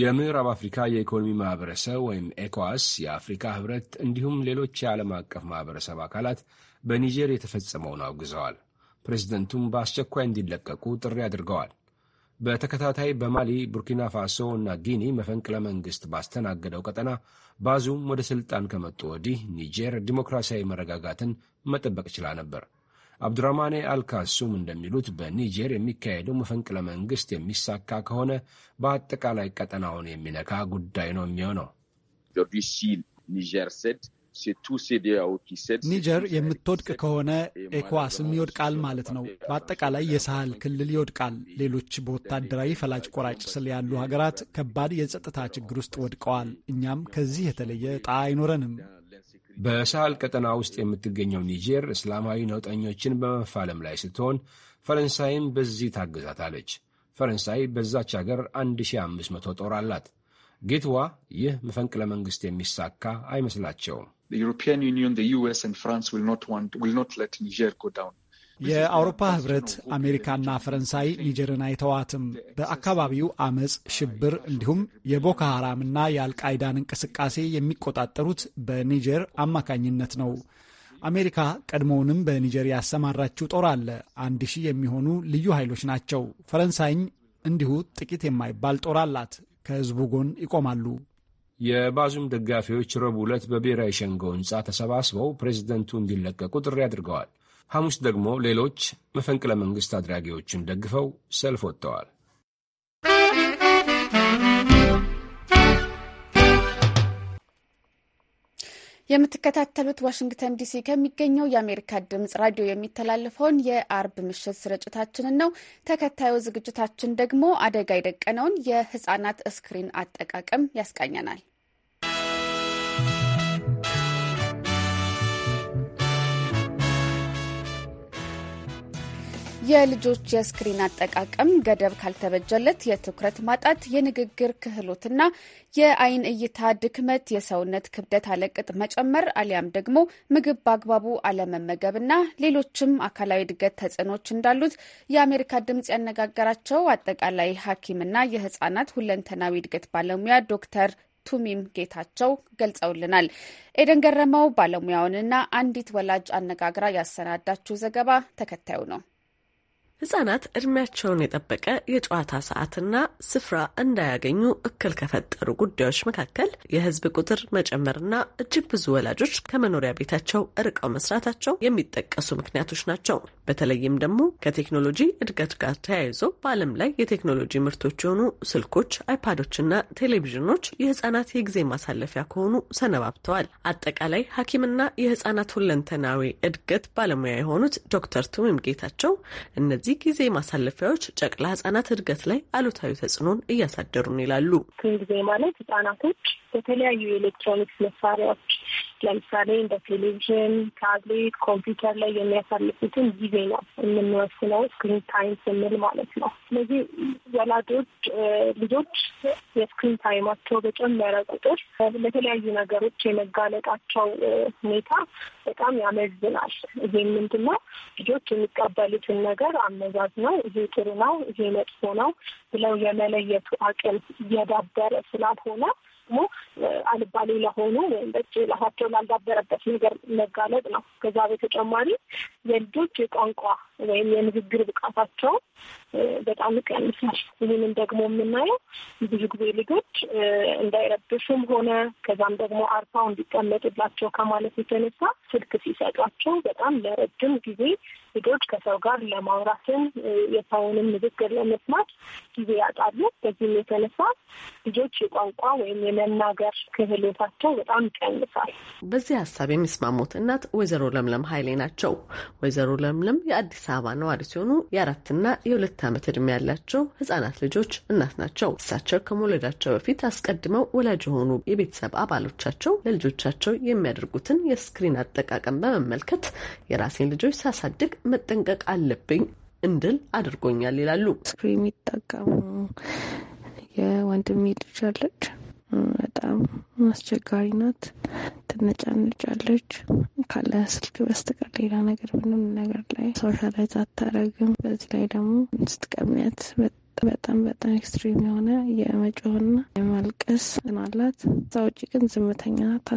የምዕራብ አፍሪካ የኢኮኖሚ ማህበረሰብ ወይም ኤኳስ፣ የአፍሪካ ህብረት እንዲሁም ሌሎች የዓለም አቀፍ ማህበረሰብ አካላት በኒጀር የተፈጸመውን አውግዘዋል። ፕሬዚደንቱም በአስቸኳይ እንዲለቀቁ ጥሪ አድርገዋል። በተከታታይ በማሊ፣ ቡርኪና ፋሶ እና ጊኒ መፈንቅለ መንግስት ባስተናገደው ቀጠና ባዙም ወደ ሥልጣን ከመጡ ወዲህ ኒጀር ዲሞክራሲያዊ መረጋጋትን መጠበቅ ችላ ነበር። አብዱራማኔ አልካሱም እንደሚሉት በኒጀር የሚካሄደው መፈንቅለ መንግስት የሚሳካ ከሆነ በአጠቃላይ ቀጠናውን የሚነካ ጉዳይ ነው የሚሆነው። ኒጀር የምትወድቅ ከሆነ ኤኳስም ይወድቃል ማለት ነው። በአጠቃላይ የሳህል ክልል ይወድቃል። ሌሎች በወታደራዊ ፈላጭ ቆራጭ ስል ያሉ ሀገራት ከባድ የጸጥታ ችግር ውስጥ ወድቀዋል። እኛም ከዚህ የተለየ እጣ አይኖረንም። በሳህል ቀጠና ውስጥ የምትገኘው ኒጀር እስላማዊ ነውጠኞችን በመፋለም ላይ ስትሆን ፈረንሳይም በዚህ ታግዛታለች። ፈረንሳይ በዛች አገር 1500 ጦር አላት። ጌትዋ ይህ መፈንቅለ መንግሥት የሚሳካ አይመስላቸውም። ዩሮፒያን European ዩኤስ the US and France will not want, የአውሮፓ ህብረት አሜሪካና ፈረንሳይ ኒጀርን አይተዋትም። በአካባቢው አመፅ፣ ሽብር እንዲሁም የቦኮ ሐራምና የአልቃይዳን እንቅስቃሴ የሚቆጣጠሩት በኒጀር አማካኝነት ነው። አሜሪካ ቀድሞውንም በኒጀር ያሰማራችው ጦር አለ። አንድ ሺህ የሚሆኑ ልዩ ኃይሎች ናቸው። ፈረንሳይም እንዲሁ ጥቂት የማይባል ጦር አላት። ከህዝቡ ጎን ይቆማሉ። የባዙም ደጋፊዎች ረቡዕ ዕለት በብሔራዊ ሸንጎ ህንፃ ተሰባስበው ፕሬዚደንቱ እንዲለቀቁ ጥሪ አድርገዋል። ሐሙስ ደግሞ ሌሎች መፈንቅለ መንግሥት አድራጊዎችን ደግፈው ሰልፍ ወጥተዋል። የምትከታተሉት ዋሽንግተን ዲሲ ከሚገኘው የአሜሪካ ድምጽ ራዲዮ የሚተላለፈውን የአርብ ምሽት ስርጭታችንን ነው። ተከታዩ ዝግጅታችን ደግሞ አደጋ የደቀነውን የህጻናት ስክሪን አጠቃቀም ያስቃኘናል። የልጆች የስክሪን አጠቃቀም ገደብ ካልተበጀለት የትኩረት ማጣት፣ የንግግር ክህሎትና የአይን እይታ ድክመት፣ የሰውነት ክብደት አለቅጥ መጨመር አሊያም ደግሞ ምግብ በአግባቡ አለመመገብና ሌሎችም አካላዊ እድገት ተጽዕኖች እንዳሉት የአሜሪካ ድምጽ ያነጋገራቸው አጠቃላይ ሐኪምና የህጻናት ሁለንተናዊ እድገት ባለሙያ ዶክተር ቱሚም ጌታቸው ገልጸውልናል። ኤደን ገረመው ባለሙያውንና አንዲት ወላጅ አነጋግራ ያሰናዳችው ዘገባ ተከታዩ ነው። ህጻናት እድሜያቸውን የጠበቀ የጨዋታ ሰዓትና ስፍራ እንዳያገኙ እክል ከፈጠሩ ጉዳዮች መካከል የህዝብ ቁጥር መጨመርና እጅግ ብዙ ወላጆች ከመኖሪያ ቤታቸው እርቀው መስራታቸው የሚጠቀሱ ምክንያቶች ናቸው። በተለይም ደግሞ ከቴክኖሎጂ እድገት ጋር ተያይዞ በዓለም ላይ የቴክኖሎጂ ምርቶች የሆኑ ስልኮች፣ አይፓዶችና ቴሌቪዥኖች የህጻናት የጊዜ ማሳለፊያ ከሆኑ ሰነባብተዋል። አጠቃላይ ሐኪምና የህጻናት ሁለንተናዊ እድገት ባለሙያ የሆኑት ዶክተር ትምም ጌታቸው እነዚህ እነዚህ ጊዜ ማሳለፊያዎች ጨቅላ ህጻናት እድገት ላይ አሉታዊ ተጽዕኖን እያሳደሩን ይላሉ። ጊዜ ማለት ህጻናቶች የተለያዩ የኤሌክትሮኒክስ መሳሪያዎች ለምሳሌ እንደ ቴሌቪዥን፣ ታብሌት፣ ኮምፒውተር ላይ የሚያሳልፉትን ጊዜ ነው የምንወስነው ስክሪን ታይም ስንል ማለት ነው። ስለዚህ ወላጆች ልጆች የስክሪን ታይማቸው በጨመረ ቁጥር ለተለያዩ ነገሮች የመጋለጣቸው ሁኔታ በጣም ያመዝናል። ይሄ ምንድን ነው ልጆች የሚቀበሉትን ነገር አመዛዝ ነው። ይሄ ጥሩ ነው፣ ይሄ መጥፎ ነው ብለው የመለየቱ አቅም እየዳበረ ስላልሆነ ደግሞ አልባሌ ለሆኑ ወይም በጭ ራሳቸው ላልዳበረበት ነገር መጋለጥ ነው። ከዛ በተጨማሪ የልጆች የቋንቋ ወይም የንግግር ብቃታቸው በጣም ይቀንሳል ይህንን ደግሞ የምናየው ብዙ ጊዜ ልጆች እንዳይረብሹም ሆነ ከዛም ደግሞ አርፋው እንዲቀመጡላቸው ከማለት የተነሳ ስልክ ሲሰጧቸው በጣም ለረጅም ጊዜ ልጆች ከሰው ጋር ለማውራትን የሰውንም ንግግር ለመስማት ጊዜ ያጣሉ። በዚህም የተነሳ ልጆች የቋንቋ ወይም የመናገር ክህሎታቸው በጣም ይቀንሳል። በዚህ ሀሳብ የሚስማሙት እናት ወይዘሮ ለምለም ኃይሌ ናቸው። ወይዘሮ ለምለም የአዲስ አበባ ነዋሪ ሲሆኑ የአራትና የሁለት ሁለት ዓመት ዕድሜ ያላቸው ህጻናት ልጆች እናት ናቸው። እሳቸው ከመውለዳቸው በፊት አስቀድመው ወላጅ የሆኑ የቤተሰብ አባሎቻቸው ለልጆቻቸው የሚያደርጉትን የስክሪን አጠቃቀም በመመልከት የራሴን ልጆች ሳሳድግ መጠንቀቅ አለብኝ እንድል አድርጎኛል ይላሉ። ስክሪን የሚጠቀሙ የወንድሜ ልጅ አለች። በጣም አስቸጋሪ ናት። ትነጫነጫለች። ካለ ስልክ በስተቀር ሌላ ነገር ምንም ነገር ላይ ሶሻላይዝ አታረግም። በዚህ ላይ ደግሞ ስትቀሚያት በጣም በጣም ኤክስትሪም የሆነ የመጮህና የማልቀስ ናላት። እዛ ውጭ ግን ዝምተኛ ናት፣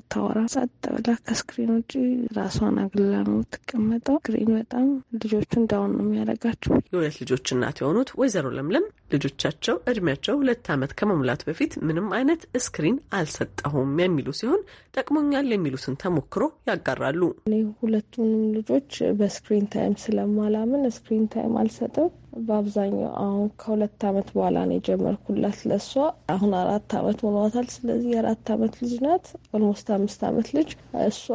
ጸጥ ብላ ከስክሪን ውጭ ራሷን አግላ ነው የምትቀመጠው። ስክሪን በጣም ልጆቹን ዳውን ነው የሚያደርጋቸው። የሁለት ልጆች እናት የሆኑት ወይዘሮ ለምለም ልጆቻቸው እድሜያቸው ሁለት ዓመት ከመሙላት በፊት ምንም አይነት ስክሪን አልሰጠሁም የሚሉ ሲሆን ጠቅሞኛል የሚሉትን ተሞክሮ ያጋራሉ። እኔ ሁለቱንም ልጆች በስክሪን ታይም ስለማላምን ስክሪን ታይም አልሰጥም በአብዛኛው አሁን ከሁለት አመት በኋላ ነው የጀመርኩላት። ለእሷ። አሁን አራት አመት ሆኗታል። ስለዚህ የአራት አመት ልጅ ናት። ኦልሞስት አምስት አመት ልጅ እሷ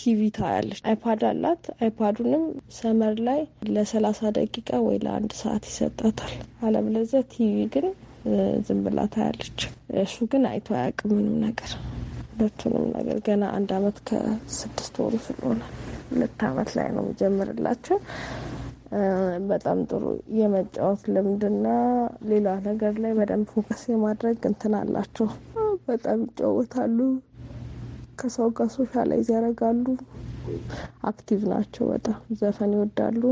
ቲቪ ታያለች። አይፓድ አላት። አይፓዱንም ሰመር ላይ ለሰላሳ ደቂቃ ወይ ለአንድ ሰዓት ይሰጣታል። አለምለዚ ቲቪ ግን ዝም ብላ ታያለች። እሱ ግን አይቶ አያውቅም ምንም ነገር ሁለቱንም ነገር ገና አንድ አመት ከስድስት ወሩ ስለሆነ ሁለት አመት ላይ ነው የጀምርላቸው በጣም ጥሩ የመጫወት ልምድና ሌላ ነገር ላይ በደንብ ፎከስ የማድረግ እንትን አላቸው። በጣም ይጫወታሉ፣ ከሰው ጋር ሶሻላይዝ ያደርጋሉ፣ አክቲቭ ናቸው። በጣም ዘፈን ይወዳሉ።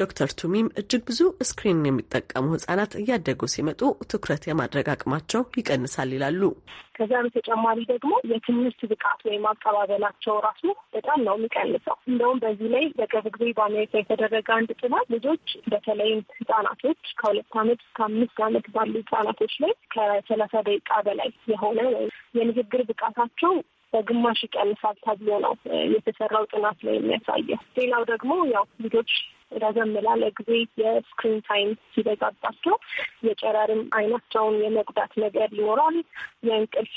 ዶክተር ቱሚም እጅግ ብዙ ስክሪንን የሚጠቀሙ ህጻናት እያደጉ ሲመጡ ትኩረት የማድረግ አቅማቸው ይቀንሳል ይላሉ። ከዚያ በተጨማሪ ደግሞ የትምህርት ብቃት ወይም አቀባበላቸው ራሱ በጣም ነው የሚቀንሰው። እንደውም በዚህ ላይ በቅርብ ጊዜ በአሜሪካ የተደረገ አንድ ጥናት ልጆች በተለይም ህጻናቶች ከሁለት አመት እስከ አምስት አመት ባሉ ህጻናቶች ላይ ከሰላሳ ደቂቃ በላይ የሆነ የንግግር ብቃታቸው በግማሽ ይቀንሳል ተብሎ ነው የተሰራው ጥናት ላይ የሚያሳየው። ሌላው ደግሞ ያው ልጆች ረዘም ላለ ጊዜ የስክሪን ታይም ሲበዛባቸው የጨረርም አይናቸውን የመጉዳት ነገር ይኖራል። የእንቅልፍ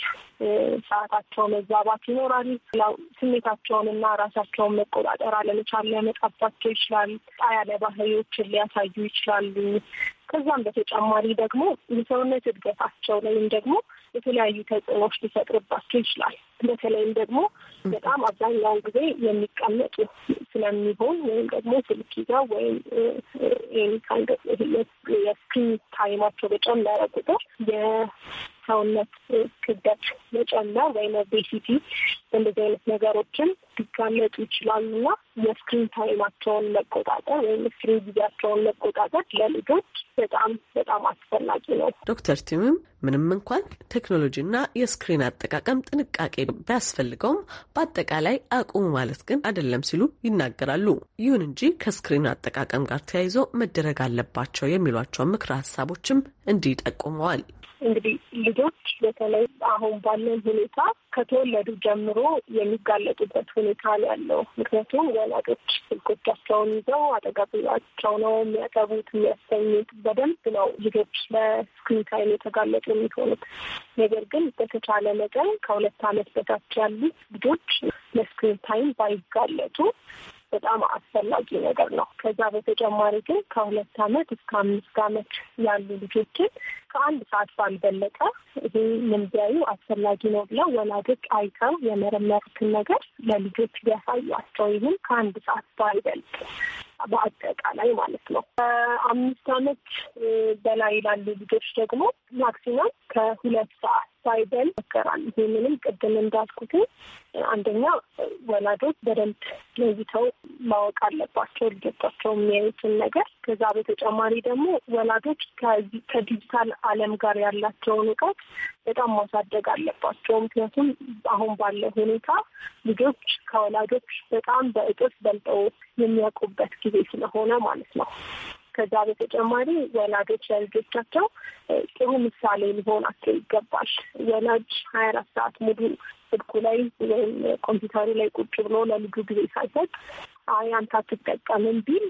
ሰዓታቸው መዛባት ይኖራል። ስሜታቸውን እና ራሳቸውን መቆጣጠር አለመቻል ሊያመጣባቸው ይችላል። ጣ ያለ ባህሪዎችን ሊያሳዩ ይችላሉ። ከዛም በተጨማሪ ደግሞ የሰውነት እድገታቸው ላይም ደግሞ የተለያዩ ተጽዕኖዎች ሊፈጥርባቸው ይችላል። በተለይም ደግሞ በጣም አብዛኛውን ጊዜ የሚቀመጡ ስለሚሆን ወይም ደግሞ ስልክ ይዘው ወይም የስክሪን ታይማቸው በጨመረ ቁጥር ሰውነት ክብደት መጨመር ወይም ኦቤሲቲ እንደዚህ አይነት ነገሮችን ሊጋለጡ ይችላሉ እና የስክሪን ታይማቸውን መቆጣጠር ወይም ስክሪን ጊዜያቸውን መቆጣጠር ለልጆች በጣም በጣም አስፈላጊ ነው። ዶክተር ቲምም ምንም እንኳን ቴክኖሎጂና የስክሪን አጠቃቀም ጥንቃቄ ቢያስፈልገውም በአጠቃላይ አቁሙ ማለት ግን አይደለም ሲሉ ይናገራሉ። ይሁን እንጂ ከስክሪን አጠቃቀም ጋር ተያይዞ መደረግ አለባቸው የሚሏቸውን ምክረ ሀሳቦችም እንዲህ ጠቁመዋል። እንግዲህ ልጆች በተለይ አሁን ባለን ሁኔታ ከተወለዱ ጀምሮ የሚጋለጡበት ሁኔታ ነው ያለው። ምክንያቱም ወላጆች ስልኮቻቸውን ይዘው አጠገባቸው ነው የሚያጠቡት፣ የሚያሰኙት። በደንብ ነው ልጆች ለስክሪን ታይም የተጋለጡ የሚሆኑት። ነገር ግን በተቻለ መጠን ከሁለት ዓመት በታች ያሉት ልጆች ለስክሪን ታይም ባይጋለጡ በጣም አስፈላጊ ነገር ነው። ከዛ በተጨማሪ ግን ከሁለት አመት እስከ አምስት አመት ያሉ ልጆችን ከአንድ ሰዓት ባልበለጠ ይሄ ምን ቢያዩ አስፈላጊ ነው ብለው ወላጆች አይተው የመረመሩትን ነገር ለልጆች ቢያሳያቸው ይህም ከአንድ ሰዓት ባይበልጥ በአጠቃላይ ማለት ነው። ከአምስት ዓመት በላይ ላሉ ልጆች ደግሞ ማክሲመም ከሁለት ሰዓት ባይበል ይነገራል። ይህንንም ቅድም እንዳልኩት አንደኛ ወላጆች በደንብ ለይተው ማወቅ አለባቸው ልጆቻቸው የሚያዩትን ነገር። ከዛ በተጨማሪ ደግሞ ወላጆች ከዲጂታል ዓለም ጋር ያላቸውን እውቀት በጣም ማሳደግ አለባቸው። ምክንያቱም አሁን ባለው ሁኔታ ልጆች ከወላጆች በጣም በእጥፍ በልጠው የሚያውቁበት ጊዜ ስለሆነ ማለት ነው። ከዛ በተጨማሪ ወላጆች ለልጆቻቸው ጥሩ ምሳሌ ሊሆናቸው ይገባል። ወላጅ ሀያ አራት ሰዓት ሙሉ ስልኩ ላይ ወይም ኮምፒውተሩ ላይ ቁጭ ብሎ ለልጁ ጊዜ ሳይሰጥ አይ አንተ አትጠቀምም ቢል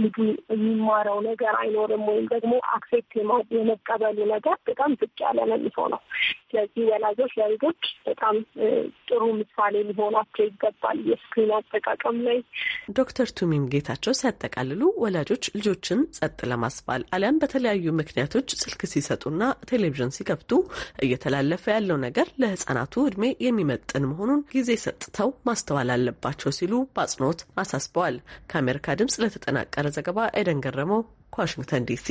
ልጁ የሚማረው ነገር አይኖርም፣ ወይም ደግሞ አክሴፕት የመቀበሉ ነገር በጣም ዝቅ ያለ ነው የሚሆነው። ስለዚህ ወላጆች ለልጆች በጣም ጥሩ ምሳሌ ሊሆናቸው ይገባል የስክሪን አጠቃቀም ላይ። ዶክተር ቱሚም ጌታቸው ሲያጠቃልሉ ወላጆች ልጆችን ጸጥ ለማስባል አሊያም በተለያዩ ምክንያቶች ስልክ ሲሰጡና ቴሌቪዥን ሲከፍቱ እየተላለፈ ያለው ነገር ለህጻናቱ እድሜ የሚ የሚመጥን መሆኑን ጊዜ ሰጥተው ማስተዋል አለባቸው ሲሉ በአጽንኦት አሳስበዋል። ከአሜሪካ ድምጽ ለተጠናቀረ ዘገባ ኤደን ገረመው ከዋሽንግተን ዲሲ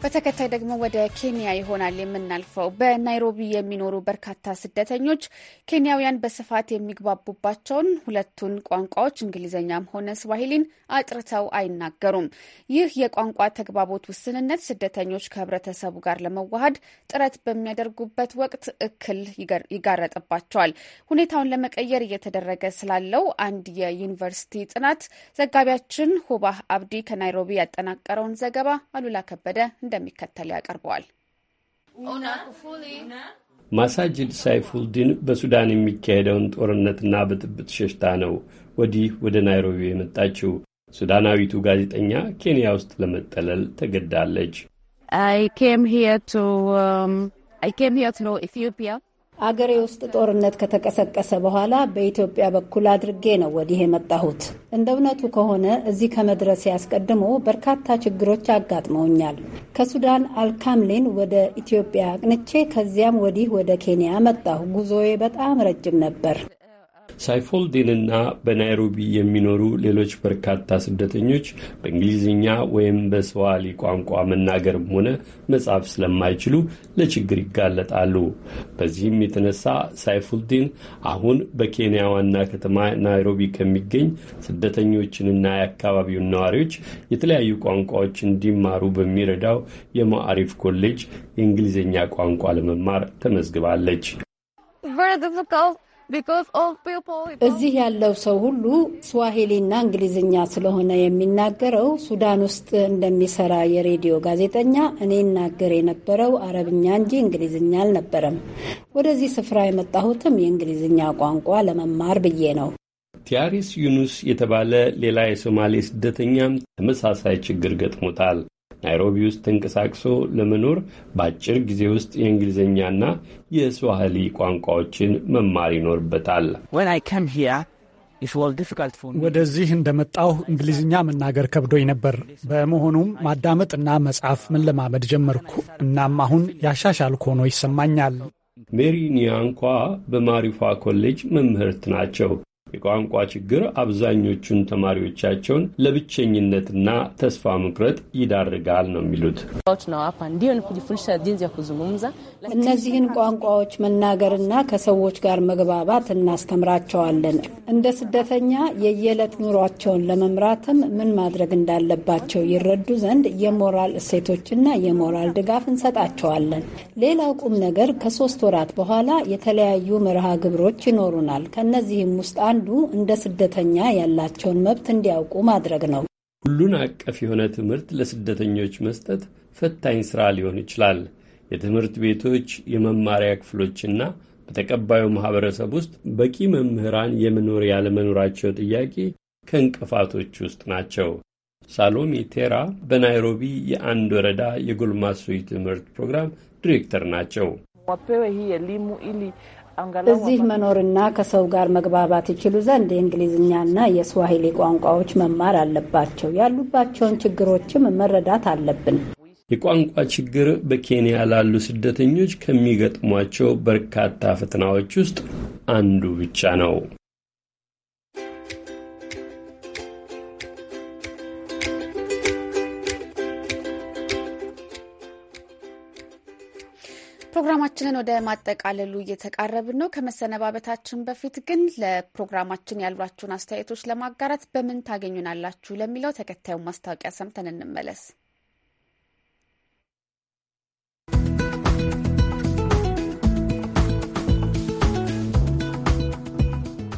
በተከታይ ደግሞ ወደ ኬንያ ይሆናል የምናልፈው። በናይሮቢ የሚኖሩ በርካታ ስደተኞች ኬንያውያን በስፋት የሚግባቡባቸውን ሁለቱን ቋንቋዎች እንግሊዝኛም ሆነ ስዋሂሊን አጥርተው አይናገሩም። ይህ የቋንቋ ተግባቦት ውስንነት ስደተኞች ከህብረተሰቡ ጋር ለመዋሃድ ጥረት በሚያደርጉበት ወቅት እክል ይጋረጥባቸዋል። ሁኔታውን ለመቀየር እየተደረገ ስላለው አንድ የዩኒቨርሲቲ ጥናት ዘጋቢያችን ሆባህ አብዲ ከናይሮቢ ያጠናቀረውን ዘገባ አሉላ ከበደ እንደሚከተል ያቀርበዋል። ማሳጅድ ሳይፉልዲን በሱዳን የሚካሄደውን ጦርነትና ብጥብጥ ሸሽታ ነው ወዲህ ወደ ናይሮቢ የመጣችው። ሱዳናዊቱ ጋዜጠኛ ኬንያ ውስጥ ለመጠለል ተገድዳለች። አገሬ ውስጥ ጦርነት ከተቀሰቀሰ በኋላ በኢትዮጵያ በኩል አድርጌ ነው ወዲህ የመጣሁት። እንደ እውነቱ ከሆነ እዚህ ከመድረስ ያስቀድሞ በርካታ ችግሮች አጋጥመውኛል። ከሱዳን አልካምሌን ወደ ኢትዮጵያ አቅንቼ ከዚያም ወዲህ ወደ ኬንያ መጣሁ። ጉዞዬ በጣም ረጅም ነበር። ሳይፎልዲንና በናይሮቢ የሚኖሩ ሌሎች በርካታ ስደተኞች በእንግሊዝኛ ወይም በሰዋሊ ቋንቋ መናገርም ሆነ መጻፍ ስለማይችሉ ለችግር ይጋለጣሉ። በዚህም የተነሳ ሳይፉልዲን አሁን በኬንያ ዋና ከተማ ናይሮቢ ከሚገኝ ስደተኞችንና የአካባቢውን ነዋሪዎች የተለያዩ ቋንቋዎች እንዲማሩ በሚረዳው የማዕሪፍ ኮሌጅ የእንግሊዝኛ ቋንቋ ለመማር ተመዝግባለች። እዚህ ያለው ሰው ሁሉ ስዋሂሊና እንግሊዝኛ ስለሆነ የሚናገረው ሱዳን ውስጥ እንደሚሰራ የሬዲዮ ጋዜጠኛ እኔ እናገር የነበረው አረብኛ እንጂ እንግሊዝኛ አልነበረም። ወደዚህ ስፍራ የመጣሁትም የእንግሊዝኛ ቋንቋ ለመማር ብዬ ነው። ቲያሪስ ዩኑስ የተባለ ሌላ የሶማሌ ስደተኛም ተመሳሳይ ችግር ገጥሞታል። ናይሮቢ ውስጥ ተንቀሳቅሶ ለመኖር በአጭር ጊዜ ውስጥ የእንግሊዝኛና የስዋህሊ ቋንቋዎችን መማር ይኖርበታል። ወደዚህ እንደመጣሁ እንግሊዝኛ መናገር ከብዶኝ ነበር። በመሆኑም ማዳመጥና መጻፍ መለማመድ ጀመርኩ። እናም አሁን ያሻሻልኩ ሆኖ ይሰማኛል። ሜሪ ኒያንኳ በማሪፋ ኮሌጅ መምህርት ናቸው። የቋንቋ ችግር አብዛኞቹን ተማሪዎቻቸውን ለብቸኝነትና ተስፋ መቁረጥ ይዳርጋል ነው የሚሉት። እነዚህን ቋንቋዎች መናገርና ከሰዎች ጋር መግባባት እናስተምራቸዋለን። እንደ ስደተኛ የየዕለት ኑሯቸውን ለመምራትም ምን ማድረግ እንዳለባቸው ይረዱ ዘንድ የሞራል እሴቶችና የሞራል ድጋፍ እንሰጣቸዋለን። ሌላው ቁም ነገር ከሶስት ወራት በኋላ የተለያዩ መርሃ ግብሮች ይኖሩናል። ከእነዚህም ውስጥ አንዱ እንደ ስደተኛ ያላቸውን መብት እንዲያውቁ ማድረግ ነው። ሁሉን አቀፍ የሆነ ትምህርት ለስደተኞች መስጠት ፈታኝ ሥራ ሊሆን ይችላል። የትምህርት ቤቶች፣ የመማሪያ ክፍሎችና በተቀባዩ ማኅበረሰብ ውስጥ በቂ መምህራን የመኖር ያለመኖራቸው ጥያቄ ከእንቅፋቶች ውስጥ ናቸው። ሳሎሚ ቴራ በናይሮቢ የአንድ ወረዳ የጎልማሶች ትምህርት ፕሮግራም ዲሬክተር ናቸው። እዚህ መኖርና ከሰው ጋር መግባባት ይችሉ ዘንድ የእንግሊዝኛና የስዋሂሊ ቋንቋዎች መማር አለባቸው። ያሉባቸውን ችግሮችም መረዳት አለብን። የቋንቋ ችግር በኬንያ ላሉ ስደተኞች ከሚገጥሟቸው በርካታ ፈተናዎች ውስጥ አንዱ ብቻ ነው። ፕሮግራማችንን ወደ ማጠቃለሉ እየተቃረብን ነው። ከመሰነባበታችን በፊት ግን ለፕሮግራማችን ያሏችሁን አስተያየቶች ለማጋራት በምን ታገኙናላችሁ ለሚለው ተከታዩን ማስታወቂያ ሰምተን እንመለስ።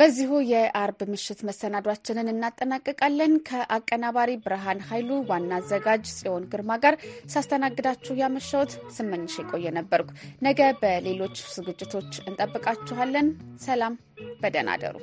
በዚሁ የአርብ ምሽት መሰናዷችንን እናጠናቅቃለን። ከአቀናባሪ ብርሃን ኃይሉ ዋና አዘጋጅ ጽዮን ግርማ ጋር ሳስተናግዳችሁ ያመሸሁት ስመኝሽ የቆየ ነበርኩ። ነገ በሌሎች ዝግጅቶች እንጠብቃችኋለን። ሰላም፣ በደህና አደሩ።